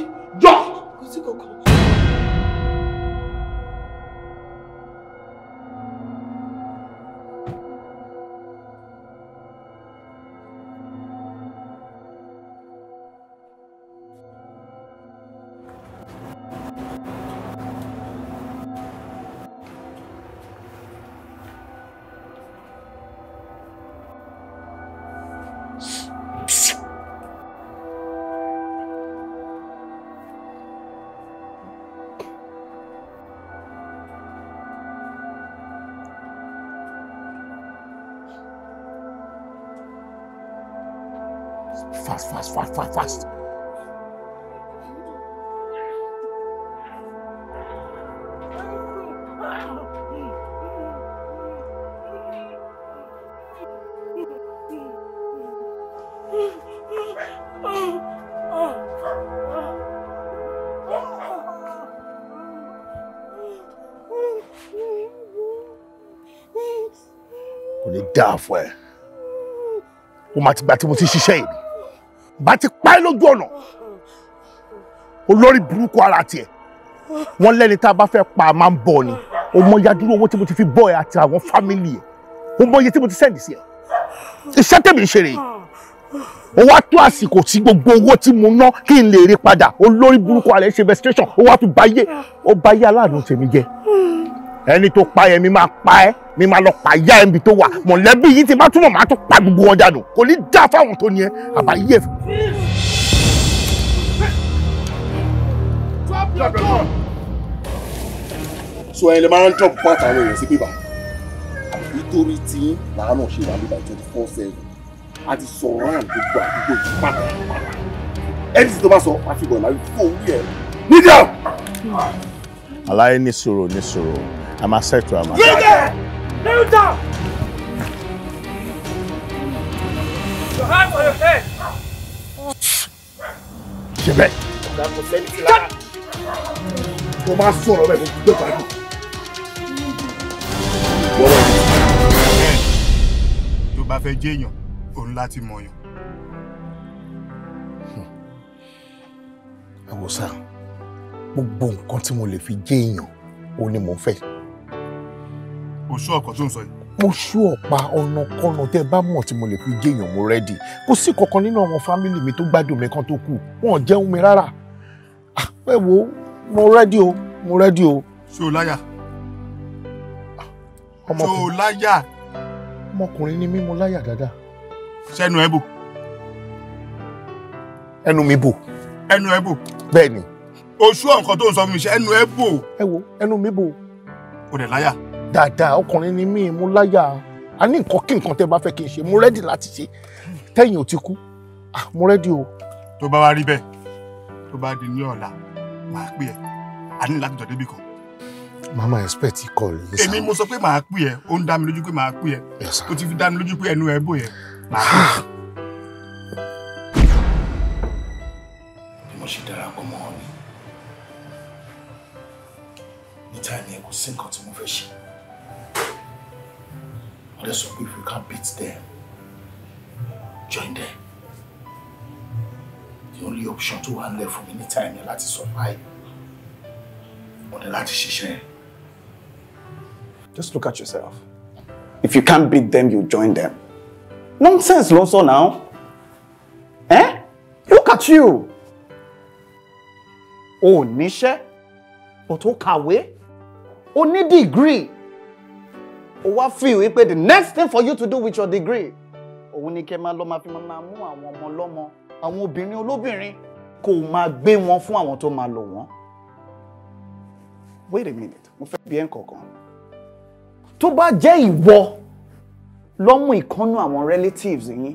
fast, fast, fast, fast. kò ní dáa fún ẹ o máa ti gba tí mo ti ṣiṣẹ́ yìí bá ti pa ẹ́ lójú ọ̀nà olórí burúkú ara tiẹ̀ wọ́n lẹ́ni tá a bá fẹ́ pa máa ń bọ̀ ni o mọ yadúró owó tí mo ti fi bọ́ ẹ àti àwọn fámìlì ẹ o mọ iye tí mo ti sẹ́ndì sí ẹ iṣẹ́ tèmi ń ṣe rèé o wá tó àsìkò tí gbogbo owó tí mo ná kí n lè rí padà olórí burúkú ara ẹ ṣe investigation o wá fi báyé o báyé aláàánú tèmi jẹ ẹni tó pa yẹn mi máa pa ẹ́ mi máa lọ pa ìyá ẹ̀ mi tó wà mọ̀lẹ́bí yìí ti bá túmọ̀ máa tún pa gbogbo wọn dànù kò ní dá fáwọn tó ní ẹ àbáyé ẹ̀. so ẹ lè máa ń jọ bọ́ àtàwọn èèyàn sí bíbá nítorí tí làánà ṣe wà bíbá twenty four seven a ti sọ ran gbogbo àdúgbò yìí pátápátá ẹni tí tó bá sọ àfihàn láì fún orí ẹ nídìí. aláyé ní ní sọ̀rọ̀. I'm a máa ṣètò àmà. yíyẹ kneel down. your hand on your head. ṣe bẹ́ẹ̀. ọ̀gá kò sẹ́ni sí lára. mo máa sọ̀rọ̀ bẹ́ẹ̀ mo gbé pàdé. tó bá fẹ́ jẹ́yàn òun láti mọ̀yàn. àwòsàn gbogbo nǹkan tí mo lè fi jẹ́ èèyàn ó ní mo fẹ́ o ṣú ọkọ tó ń sọ yìí. mo ṣú ọ̀pá ọ̀nà kọ́nà tẹ́ ẹ bá mọ̀ tí mo lè fi géèyàn mo rẹ́dì kò sí kankan nínú àwọn fámìlì mi tó gbádùn mi kan tó kù wọn ò jẹun mi rárá. Ah, ẹ wo mo rẹ́dì o mo rẹ́dì o. ṣé o láyà? Ah, ṣé o láyà? ọmọkùnrin ni mí mo láyà dáadáa. sẹ́nu ẹ bò. ẹnu mi bò. ẹnu ẹ bò. bẹ́ẹ̀ ni. oṣù ọ̀kan tó ń sọ fún mi ṣe ẹnu ẹ bò. ẹ wo ẹnu mi bò. o dẹ̀ láyà dáadáa ọkùnrin ni mí mo láyà a ní nǹkan kí nǹkan tẹ́ bá fẹ́ kí n ṣe mo rẹ́dì láti ṣe tẹ́yìn ò ti kú mo rẹ́dì o. tó bá wá rí bẹ́ẹ̀ tó bá di ní ọ̀la màá pè ẹ́ a ní láti jọ débi kan. mama expect call yìí sá. èmi mo sọ pé màá pè ẹ́ ó ń dá mi lójú pé màá pè ẹ́ ó ti fi dá mi lójú pé ẹnu ẹ bò yẹ bí ah. mo ṣe darapọ̀ mọ́ ọ ni níta ni kò sí nǹkan tí mo fẹ́ ṣe. Let's hope if you can't beat them, join them. The only option to one nílẹ̀ from any ní time yẹn láti survive. the ní láti share? Just look at yourself. If you can't beat them, you join them. Nonsense ló now. Eh? Look at you. Oh níṣẹ́, but o oh need degree ó wá fi wípé the next thing for you to do with your degree òun ni kẹ́ máa lọ máa fi máa mú àwọn ọmọ lọ́mọ àwọn obìnrin olóbìnrin kò máa gbé wọn fún àwọn tó máa lò wọ́n. wait a minute mo fẹ́ bi ẹ́ nǹkankan tó bá jẹ́ ìwọ lọ́mú ìkánú àwọn relatives yín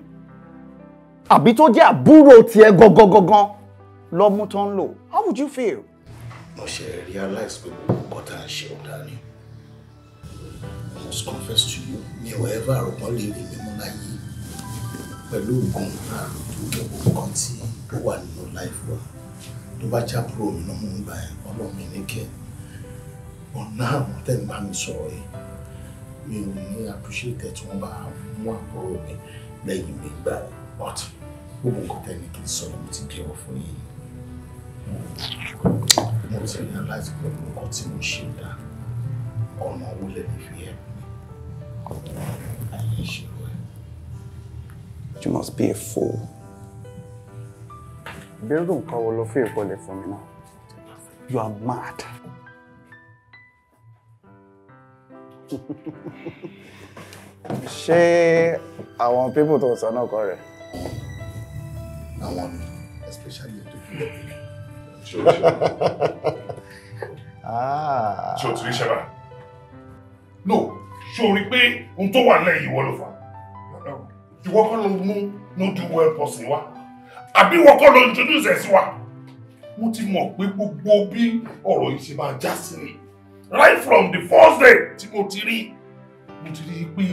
àbí tó jẹ́ àbúrò tiẹ̀ gangan lọ́mú tó ń lò how would you feel. mo ṣe realize pé gbogbo nǹkan tá a ṣe ò dá ni must confess to you mi ò ever àròpọ̀ lè rí mi mú láyé pẹ̀lú ògùn àròjù gbogbo kan tí ó wà nínú life wa tó bá já kúrò mi náà mò ń gbà ẹ́ ọlọ́run mi ní kẹ́ ọ̀nà àwọn tẹ̀ ń bá mi sọ̀rọ̀ yìí mi ò ní appreciate tí wọ́n bá mú àbúrò mi lẹ́yìn mi gbà but gbogbo nǹkan tẹ̀ ní kí n sọ̀rọ̀ mo ti jẹ́wọ́ fún yìí mo ti realize pé gbogbo nǹkan tí mo ṣe dá ọ̀nà owó lẹ́nu fi ẹ̀ You must be a fool. Bẹ́rù nǹkan wo ló fi ìpọlẹ̀ fún mi You are mad. She. I want people to náà kọ́ rẹ̀? Àwọn mi, especially ètò ìpínlẹ̀. [laughs] Ah. Ṣé o ti rí ṣẹ́bà? No, ṣó rí pé ohun tó wà lẹ́yìn ìwọ ló fà ìwọ kọ́ ló mú no do well person wa àbí ìwọ kọ́ ló introduce ẹ̀ sí wa mo ti mọ̀ pé gbogbo bí ọ̀rọ̀ yìí ṣe máa já sí ni right from the first day tí mo ti rí mo ti rí i pé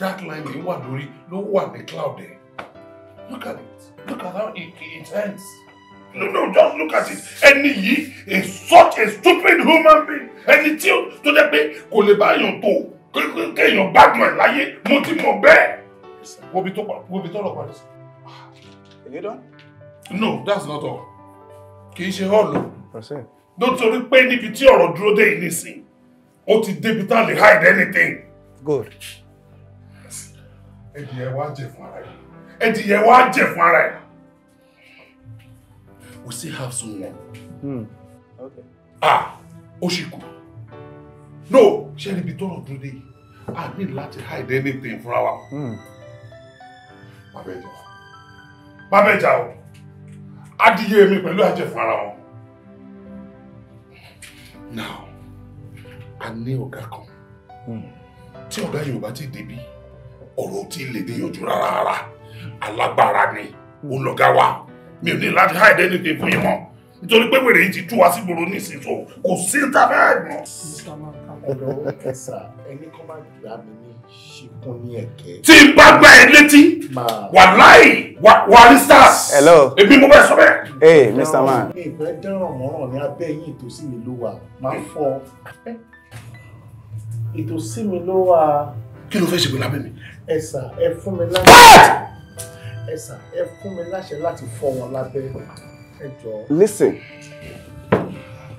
that line yìí wà lórí ló wà ní cloud ẹ̀ look at it look at how it it ends no no just look at it ẹni yìí is such a stupid human being ẹni tí ó tó jẹ́ pé kò lè bá tó kéèyàn gbádùn ẹ̀ láyé mo ti mọ̀ bẹ́ẹ̀ wo bi tó wo bi tó lọ parí sí. èyí dán. no that's not all kì í ṣe hall o. nítorí pé níbi tí ọ̀rọ̀ dúró dé yìí nìsín ó ti débi tá a lè hide anything. good. ẹdìyẹ wa jẹ fún ara ẹ ẹdìyẹ wa jẹ fún ara ẹ we still have someone. Hmm. okay. ah ó kù no ṣé ẹni ibi tọ́rọ̀ dúró dé yìí a ní láti hide anything fúnra wa. bàbá ẹja bàbá ẹja o adìyẹ mi pẹ̀lú àjẹ fún ara wọn. now a ní ọ̀gá kan hmm. tí ọ̀gá yorùbá ti débi ọ̀rọ̀ tí lè níyànjú rárá rárá alágbára ni ó lọ́gá wa mi ò ní láti hide anything fún yín mọ́ nítorí pé wèrè yìí ti tú wa sí gbòòrò nísinsìnyí kò sí ní tàbí àìmọ̀ ọ̀rọ̀ kẹsà ẹni kan máa gbà mí ní ṣìkún ní ẹ̀kẹ́. tí n bá gba ẹ létí wà láì wà ní stars. hello ebi mo bẹ sọ bẹ́ẹ̀. ee mr man. mi ìfẹ́ dẹ́ràn mọ́ràn ní abẹ́ yín ìtòsí mi ló wà máa fọ ìtòsí mi ló wà. kí ló fẹ́ ṣe pẹ̀lú abẹ́ mi. ẹ sà ẹ fún mi láṣẹ ẹ sà ẹ fún mi láṣẹ láti fọ́ wọn lábẹ́ ẹ jọ. listen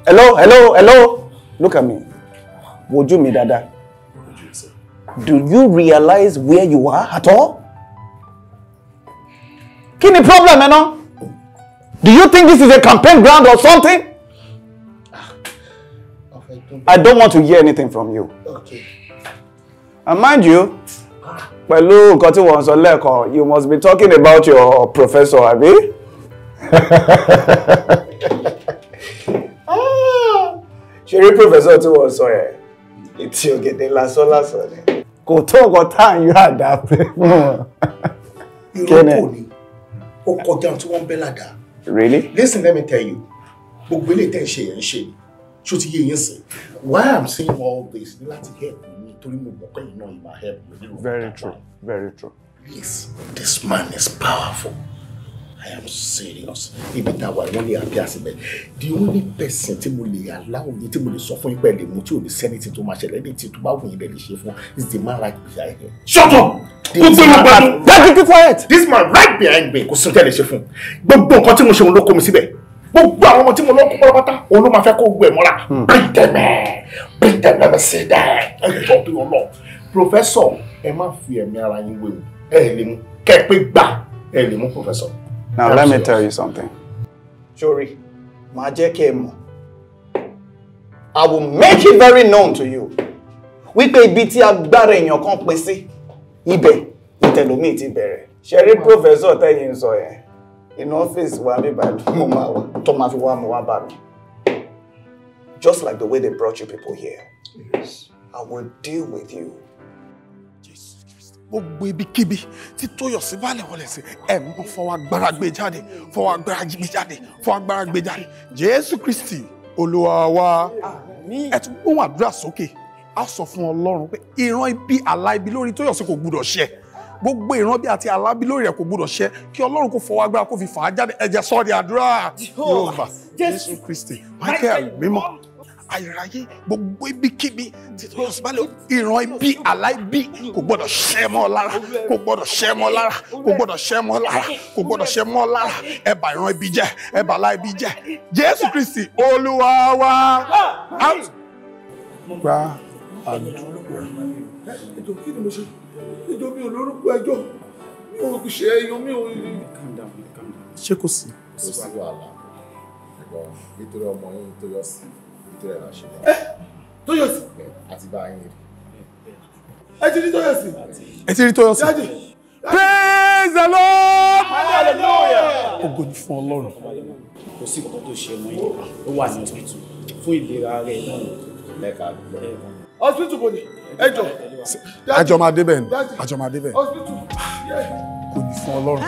hello hello hello look at me Would you mi dáadáa do you realize where you are at all kí problem you know? do you think this is a campaign ground or something okay, I don't want to hear anything from you okay. and mind you pẹ̀lú nǹkan tí wọ́n sọ lẹ́ẹ̀kan you must be talking about your professor abi. [laughs] she professor tí us sọ yẹn etí ọ̀gẹ̀dẹ̀ lásán lásán ni. kò tó nǹkan tá à ń yọ àdá pé fún kò ní ó kọjá tí wọ́n ń bẹ́ really listen let me tell you gbogbo ilé tẹ̀ ń ṣe yẹn ń ṣe ṣó ti yé yín sìn why i'm saying all this ni láti help me torí mo mọ̀ pé iná ìmọ̀ help me. very true very true. please this man is powerful. I am serious. Ibi tá a wà wọ́n lè àbí The only person tí mo lè aláwọ̀ yìí tí mo lè sọ fún yín pẹ̀lú mo tí ò lè sẹ́nitì tó máa ṣẹlẹ̀ ní ti tó bá wù yín bẹ́ẹ̀ lè ṣe fún is the man right behind me. Shut up! Don't gbé wọn gbàdú. Dájú kí quiet. This man right behind me kò sí tẹ́lẹ̀ ṣe fún. Gbogbo nǹkan tí mo ṣe òun ló kó mi síbẹ̀. Gbogbo àwọn ọmọ tí mo lọ kó pátápátá òun ló máa fẹ́ kó gbẹ mọ́ra. Hmm. Bring them in. Bring them in. Say that. Ẹ jọ bí wọn lọ. Professor ẹ má fi ẹ̀mí ara yín wéwu. Ẹ lè mú kẹ́ pé gbà ẹ lè mú professor. Now Absolutely. let me tell you something. Sorry, màá jẹ́ kí I will make it very known to you. We pay BT agbára èèyàn kan pín sí, ibẹ̀ tell me, bẹ̀rẹ̀. Ṣẹ̀rí pòfẹ́sọ̀ tẹ́yìn ń sọ yẹn. in ọ́fíìsì wa bíbá mo máa wà tó máa fi wá mo Just like the way they brought you people here. Yes. I will deal with you. Jesus gbogbo ibikíbi tí Tóyọ̀sí bá lè wọlé sí ẹ mọ fọwọ́ agbára gbé jáde fọwọ́ agbára gbé jáde fọwọ́ agbára gbé jáde Jésù Kristi Olúwa wa ẹ tún gbóhùn àdúrà sókè á sọ fún Ọlọ́run pé ìran ibi àlá ibi lórí Tóyọ̀sí kò gbúdọ̀ ṣẹ gbogbo ìran bí àti alábí lórí rẹ kò gbúdọ̀ ṣẹ kí Ọlọ́run kò fọwọ́ agbára kó fi fà á jáde ẹ jẹ́ sọ di àdúrà Jésù Kristi Michael mímọ́ àìráyé gbogbo ibikíbi títí wọn sì balẹ̀ ìran ibi aláìbí kò gbọ́dọ̀ ṣẹ́ mọ́ lára kò gbọ́dọ̀ ṣẹ́ mọ́ lára kò gbọ́dọ̀ ṣẹ́ mọ́ lára kò gbọ́dọ̀ ṣẹ́ mọ́ lára ẹ bà ìran ibi jẹ́ ẹ bà aláìbí jẹ́ Jésù Kristi Olúwa wa gba àdúrà. ẹjọ kí ẹjọ mi ò lórúkọ ẹjọ mi ò ṣe ẹyọ mi ò. ṣé kò sí. kò sí wàhálà nítorí ọmọ yín tó yọ sí i tẹ́lẹ̀ náà ṣe bẹ́ẹ̀. tóyọ̀sì. àti bá yín rí. ẹ ti rí tóyọ̀sì. ẹ ti rí tóyọ̀sì. praise the lord. hallelujah. ògo ni fún ọlọ́run. kò sí nǹkan tó ṣe mọ́ yìí ó wà ní hospital fún ìlera rẹ̀ náà lẹ́ka lẹ́ka. hospital kò ní ẹjọ. àjọ máa débẹ̀ ni àjọ máa débẹ̀. hospital. kò ní fún ọlọ́run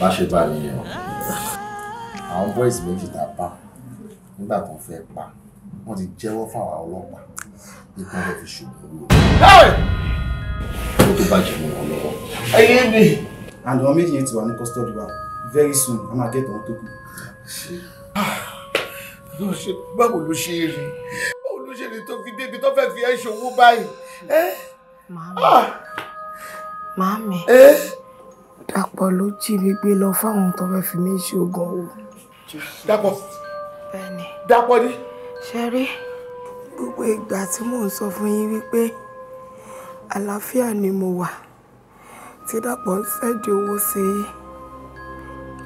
bá ṣe bá nìyẹn àwọn boys méjì tá a pa nígbà tó ń fẹ́ pa wọ́n ti jẹ́wọ́ fún àwọn ọlọ́pàá nípa rẹ̀ fi ṣògùn owó. ó tó bàjẹ́ mọ́ wọn lọ́wọ́. ayé mi. and àwọn méjì yẹn ti wà ní custody wa very soon a máa kẹ́tọ̀ọ́ tó kù. Ah, báwo ló ṣe rí báwo ló ṣe rí tó fi débi tó fẹ́ fi ẹ́ ṣòwò báyìí. Eh? màámi ah! màámi. Eh? Dàpọ̀ ló jí mi gbé lọ fáwọn tó fẹ́ fi mí ṣe oògùn owó. Dàpọ̀. Bẹ́ẹ̀ni. Dàpọ̀ ni. Ṣé rí? Gbogbo ìgbà tí mò ń sọ fún yín wípé àlàáfíà ni mo wà tí Dàpọ̀ ń ṣẹ́jú owó sí i.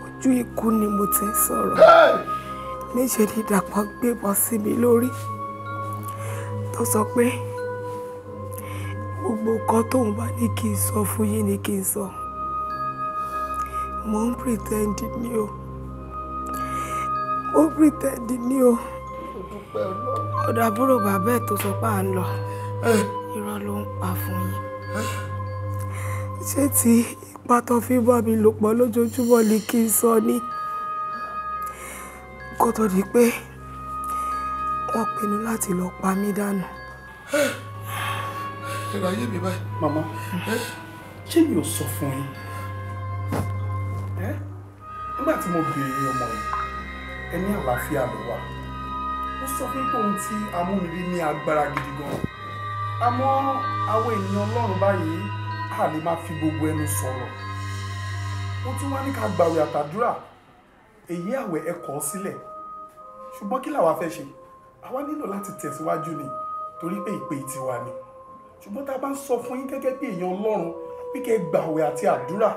Ojú ikú ni mo ti ń sọ̀rọ̀. Níṣẹ́ ni Dàpọ̀ gbébọn sí mi lórí. Tó sọ pé gbogbo nǹkan tóun bá ní kí n sọ fún yín ni kí n sọ. So mo ń pretend ni o mo ń pretend ni o ọ̀dà àbúrò bàbá ẹ̀ tó sọ pé à ń lọ irọ́ ló ń pa fún yín ṣé tí ipa tó fi bá mi lò pọ̀ lójoojúmọ́ ni kí n sọ ní kó tó di pé wọ́n pinnu láti lọ pa mí dànù. ẹ̀rọ ayé mi báyìí màmá ṣé mi ò sọ fún yín tí mo béèrè ọmọ yìí ẹ ní àlàáfíà ló wà ó sọ fún pé ohun tí amúnirí ní agbára gidi gan àmọ́ àwọn ènìyàn ọlọ́run báyìí a lè máa fi gbogbo ẹnu sọ̀rọ̀ ó tún wá ní ká gbàwẹ̀ àtàdúrà èyí àwẹ̀ ẹ kọ̀ ọ́ sílẹ̀ ṣùgbọ́n kí làwa fẹ́ ṣe àwa nílò láti tẹ̀síwájú ni torí pé ìpè tiwa ni ṣùgbọ́n tá a bá ń sọ fún yín gẹ́gẹ́ bí èèyàn ọlọ́run pé kẹ́ gbàwẹ̀ àti àdúrà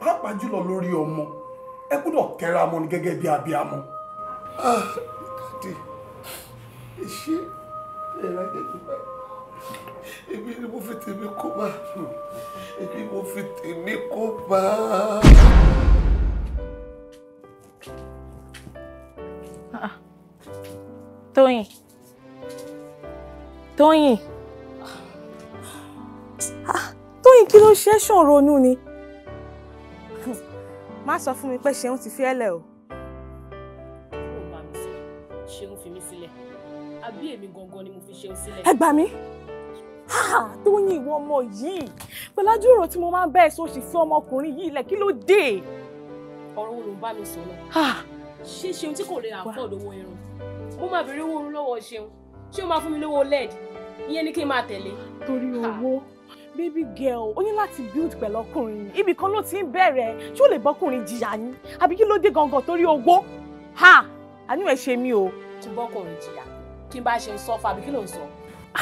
pàápàá jùlọ lórí ọmọ ẹ gbọ́dọ̀ kẹra mọ́ ni gẹ́gẹ́ bí abiyamọ. dàdí ìṣe ẹ̀rọ ayélujára èmi ni mo fi tèmi kó bá èmi mo fi tèmi kó bá. Ah, Tóyìn Tóyìn ah, Tóyìn kí ló ṣe é ṣòro nù ni má sọ fún mi pé ṣeun ti fi ẹ́ lẹ̀ o. ó bá mi sọ ṣeun fi mí sílẹ̀ àbí èmi gangan ni mo fi ṣeun sílẹ̀. ẹ gbà mí Tóyìn ìwọ ọmọ yìí pẹ̀lájú ọ̀rọ̀ tí mo máa ń bẹ́ẹ̀ sọ sì fi ọmọkùnrin yìí lẹ̀ kí ló dé. ọ̀rọ̀ wo ló ń bá mi sọ̀rọ̀ ṣé ṣeun tí kò lè àpọ̀ lówó irun mo máa béèrè owó orun lọ́wọ́ ṣeun ṣé o máa fún mi lówó led ìyẹn ni kí n máa tẹ̀lé. torí owó baby girl ó ní láti build pẹ̀lú ọkùnrin yìí ibì kan ló ti ń bẹ̀rẹ̀ ṣé ó lè bọ́kùnrin jìyà ni àbí kí ló dé gangan torí owó ha àníwọ̀ ẹ ṣe mí o. kí bọ́kùnrin jìyà kí n bá ṣe sọ fún àbí kí ló ń sọ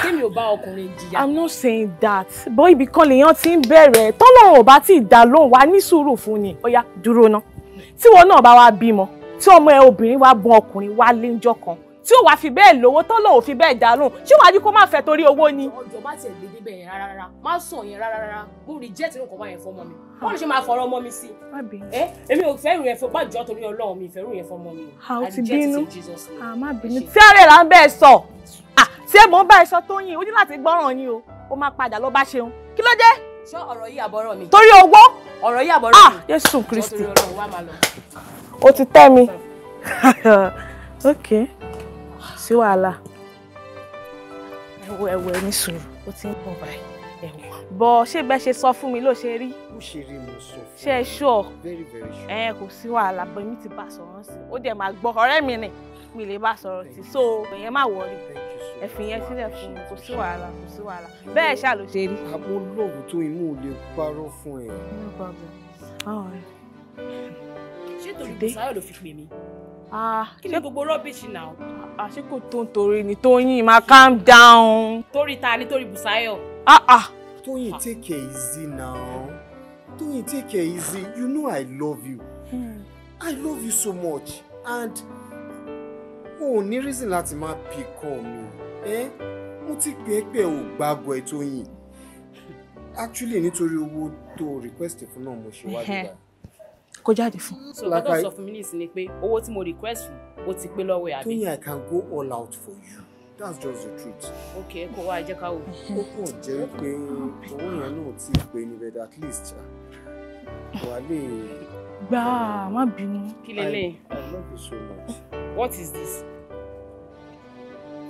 kí mi ò bá ọkùnrin jìyà. i'm not saying that bọ́ ibì kan lèèyàn ti ń bẹ̀rẹ̀ tọ́lọ́run ò bá tí ì dá lóhùn wá ní sùúrù fún ni ó yá dúró ná tí wọn náà bá wá bímọ tí ọmọ ẹ obìnrin wá bọ ọkùnrin wá léńjọ kan tí ò wá fi bẹ́ẹ̀ lówó tó lòun fi bẹ́ẹ̀ dá lóhùn ṣé wàá ní kó má fẹ́ torí owó ni. ọjọ́ má tiẹ̀ lè débẹ̀ yẹn rárá rárá má sọ yẹn rárá rárá mo reject nǹkan bá yẹn fọmọ mi báwo ló ṣe máa fọ̀rọ̀ ọmọ mi sí. ẹ èmi ò fẹ́ràn yẹn fún bàjọ́ torí ọlọ́run mi ìfẹ́ràn yẹn fọmọ mi. a ò ti bínú a má bínú tí àárẹ̀ là ń bẹ́ẹ̀ sọ tí ẹ mọ̀ ń bá ẹ sọ tó yín o ní láti gbọ́ràn yín o ó máa padà lọ bá ṣeun kí ló dé. ṣé ọ̀rọ̀ yìí àbọ̀rọ̀ mi. torí owó. ọ̀rọ̀ yìí àbọ̀rọ̀ mi. ah Jésù Kristi ó ti tẹ́ mi [laughs] ok sí wàhálà. ẹwọ ẹwọ ẹ ní sùúrù ó ti ń bọ̀ báyìí ẹwọ. bọ ṣé bẹ́ẹ̀ ṣe sọ fún mi ló ṣe rí. ó ṣe rí mo sọ fún mi. ṣe é ṣọ ẹ kò sí wàhálà bọ èmi ti bá sọ̀rọ̀ sí i ó dẹ̀ máa gbọ́ ọ̀rẹ́ mi ni mi lè bá sọ̀rọ̀ sí i so ìyẹn má wọrí ẹ̀fìn yẹn sílẹ̀ fún mi kò sí wàhálà kò sí wàhálà bẹ́ẹ̀ ṣáà ló ṣe rí. àmọ́ lóògùn tó imú ò lè parọ́ fún ẹ. ṣé torí kò sáyọ̀ ló fi pè mí. Ah, kí ni gbogbo rọ́bìṣì náà. àṣé kò tó ń torí ni tóyìn máa calm down. torí ta ni torí Bùsáyọ̀. Ah, ah. tóyìn take it easy now tóyìn take it easy you know i love you hmm. i love you so much and o oh, ní reason láti máa pick on mi eh? mo ti pè é pé ò gbàgbọ́ ẹ̀ tóyìn actually nítorí owó tó request fún náà mo ṣe wá dìgbà. [laughs] kó jáde fún. so gbọ́dọ̀ sọ fún mi nísìn ni pé owó tí mo request fún ó ti pé lọ́wọ́ ẹ̀ àbí. tóyìn i can go all out for you that's just the truth. ok kò wá ẹ jẹ́ ká wò. ó kàn jẹ́ pé owó yẹn náà ti pè ní bed at least uh, wà lè. gbà á má bínú. kí lélẹ̀. i love you so much. what is this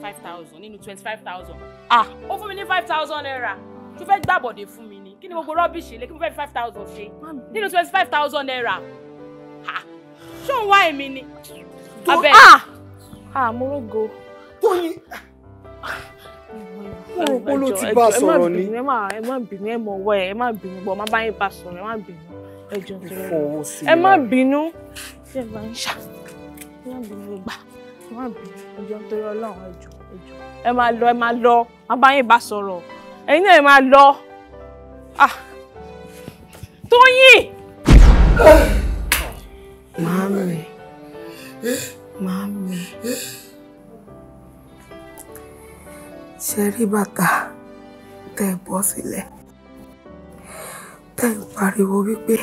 five thousand nínú twenty five thousand ah ó fún mi ní five thousand naira tó fẹ́ gbàbọ̀dé fún mi kí ni gbogbo rọ́bìṣì lè kí mo fẹ́ five thousand ṣe nínú twenty five thousand naira ṣé òun wá èmi ni. abẹ́ àmúrógo. Ah! tóyìn mo rò pé ló ti bá a sọ̀rọ̀ ni. ẹ má bínú ẹ má bínú ẹ mọ̀ wọ́ ẹ ẹ má bínú bọ̀ má bá yín bá a sọ̀rọ̀ ẹ má bínú ẹ jọ ẹ má bínú ẹ má ń ẹ má bínú gbà ẹ má bínú ẹ jọ nítorí ọlọ́run ẹ jọ ẹ jọ ẹ má lọ ẹ má lọ má bá yín bá a sọ̀rọ̀ ẹ̀yin náà ẹ má lọ. Ah! Tóyìn! Mami. Mami. Ṣé rí bàtà tẹ́ ẹ bọ́ sílẹ̀? Tẹ́ ẹ pariwo wípé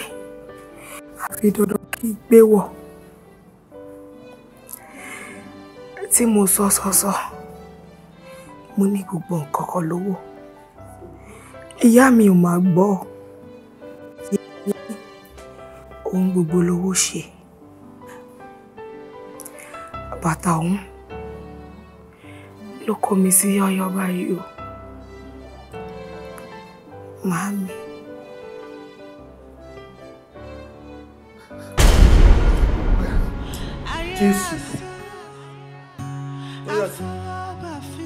àfi dandan kí gbé wọ̀. Tí mo sọ ìyá mi ò máa gbọ́ ohun gbogbo lówó ṣe bàtà òun ló kó mi sí yọ́yọ́ báyìí o màámi. Jésù.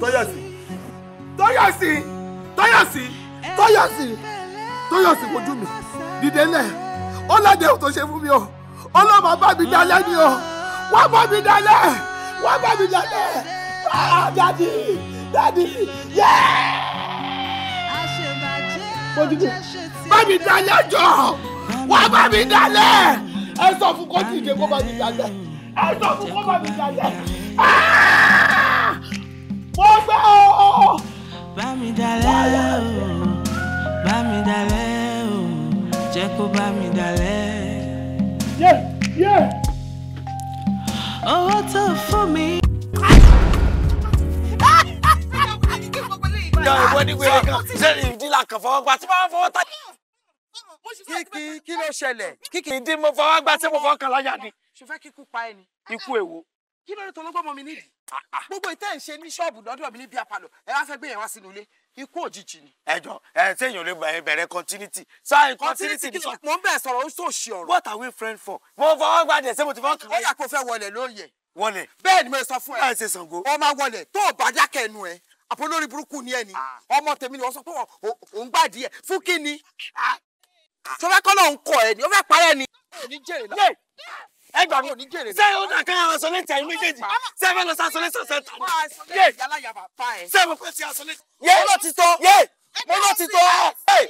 Tọ́yọ̀sí. Tọ́yọ̀sí. Tọ́yọ̀sí. Tọ́yọ̀sí. Tóyọ̀sí Tóyọ̀sí wojú mi dìde lẹ̀ ó ò tó ṣe fún mi o ó bá mi dalẹ̀ ni o wá bá mi dalẹ̀ wá bá mi dalẹ̀ ah dadi dadi yẹ́ẹ́. bá mi dalẹ̀ jọ wá bá mi dalẹ̀ ẹ sọ fún kó dìde kó bá mi dalẹ̀ ẹ sọ fún kó bá mi dalẹ̀ ah! mo gbẹ́ o. bá mi dalẹ̀ bá mi dalẹ̀ o jẹ́ kó bá mi dalẹ̀. owó tó fún mi. kí ló ṣẹlẹ̀. kíkì ìdí mo fọwọ́ gba tí mo fọwọ́ kan láyà ni. ṣùfẹ́ kíkú pa ẹ ni. ikú èwo. kí ló ní tọ́lọ́gbọ́n mọ́ mi nídìí. Ah, ah. gbogbo ìtẹ́ ń ṣe ní ṣọ́ọ̀bù lọ́dọ̀ mi ní bíi apalọ̀ ẹ wá fẹ́ gbé yẹn wá sínú ilé ikú òjijì ni. ẹjọ ẹ sẹyìn ò lè bẹ̀rẹ̀ continuity. sọ continuity ni sọ. mo ń bẹ̀ sọ̀rọ̀ ó sọ òṣì ọ̀rọ̀. what are we friends for. mo fọwọ́ gbàdẹ̀ ṣé mo ti fọ́ kàn. ó yà kó fẹ́ wọlé lóye. wọlé. bẹ́ẹ̀ ni mo sọ fún ẹ. báyìí ṣe Ṣàngó. ó máa wọlé tó o bá dákẹ́ ẹnu ẹ àpolórí burúkú ni ẹ ni ah. ọmọ tèmi ni wọ́n sọ pé òun gbàdí ẹ fún kí ni. sọfẹ́ kọ́ náà ń kọ ẹ ni ó fẹ́ parẹ́ ni. ò ní jèrè náà ẹ gbà mí ṣé ó dà kan isolate ẹ̀yin méjèèjì ṣé ẹ fẹ́ lọ sí isolate center ni yé ṣé mo fẹ́ sí isolate. yé ló ti tó yé mo ló ti tó yé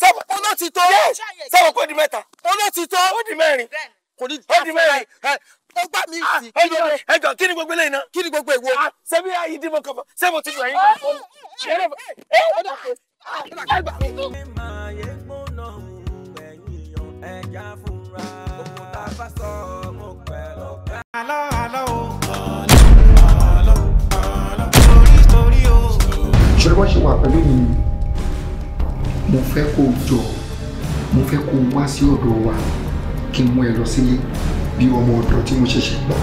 ṣé mo ló ti tó yé ṣé mo kó di mẹ́ta mo ló ti tó ó di mẹ́rin kò ní ó di mẹ́rin ó gbà mí sí. ẹ jọ ẹ jọ kí ni gbogbo eléyìí náà. kí ni gbogbo èwo. ṣé bí ayé dìbò kan fún ṣé mo ti gbà yín. ẹ ẹ ẹ ẹ ẹ ẹ gbà mí. Hello, hello. ṣe bá ṣe wà pẹ̀lú mi mo fẹ́ kó o jọ mo fẹ́ kó o wá sí ọ̀dọ̀ wa kí n mú ẹ lọ sílé bí ọmọ ọ̀dọ̀ tí mo ṣẹ̀ṣẹ̀ gbà.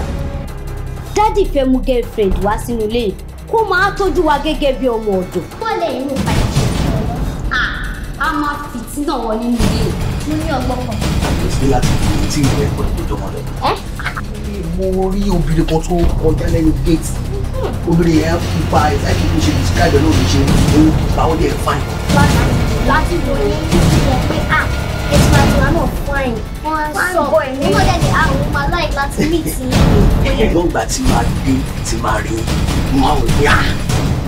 dádì fẹ́ mú girlfriend wá sínú ilé kó máa tọ́jú wa gẹ́gẹ́ bí ọmọ ọ̀dọ̀. bọ́ọ̀lù inú ìgbà ìṣẹ̀lẹ̀ wọn a máa fìtínà wọn nínú ilé mo ní ọgbọ́n kan. àbẹ̀sẹ̀ láti fi tí ìwé ẹ̀kọ́ ìgbọ́dọ̀ wọn lọ mo rí obìnrin kan tó kọjá lẹ́yìn gate obìnrin yẹn pupa ẹ̀ka ìdílé ṣe describe ẹ̀ náà lè ṣe òun pupa ó dẹ̀ fine. láti wo ni ìṣe pé a ah, ètò àjọyọ̀ náà fine wọ́n á sọ nígbà jáde àwọn ọmọ aláì láti mí ti. ẹ̀yọ́ ìgbà tí máa dé tí máa rí ah,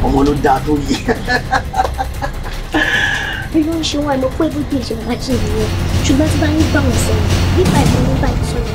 ọmọ ló dáa tó yẹ. bí wọ́n ṣe wà ló pé gbogbo ìṣẹ̀lẹ̀ ajé ṣùgbọ́n tí bá bá wọn sọ̀rọ̀ nípa ìlú nípa ìṣòro.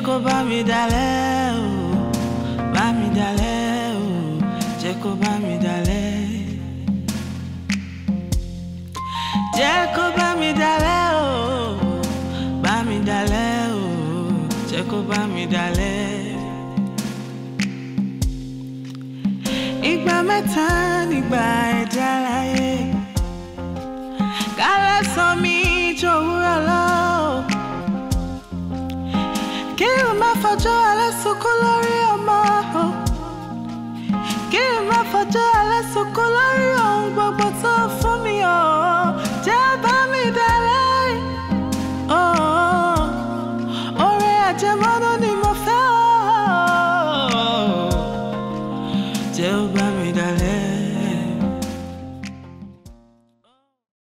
jẹ́ kó mi dalẹ̀ o bá mi dalẹ̀ o jẹ́ kó bá mi dalẹ̀. jẹ́ kó bá mi dalẹ̀ o bá mi dalẹ̀ o jẹ́ kó bá mi dalẹ̀. ìgbà mẹ́ta nígbà ẹ̀dá láyé kálẹ̀ sọ mi jòwúrọ̀ lọ kí n má fọjọ́ alẹ́ sunkún lórí ọmọ o kí n má fọjọ́ alẹ́ sunkún lórí ohun gbogbo tó fún mi o.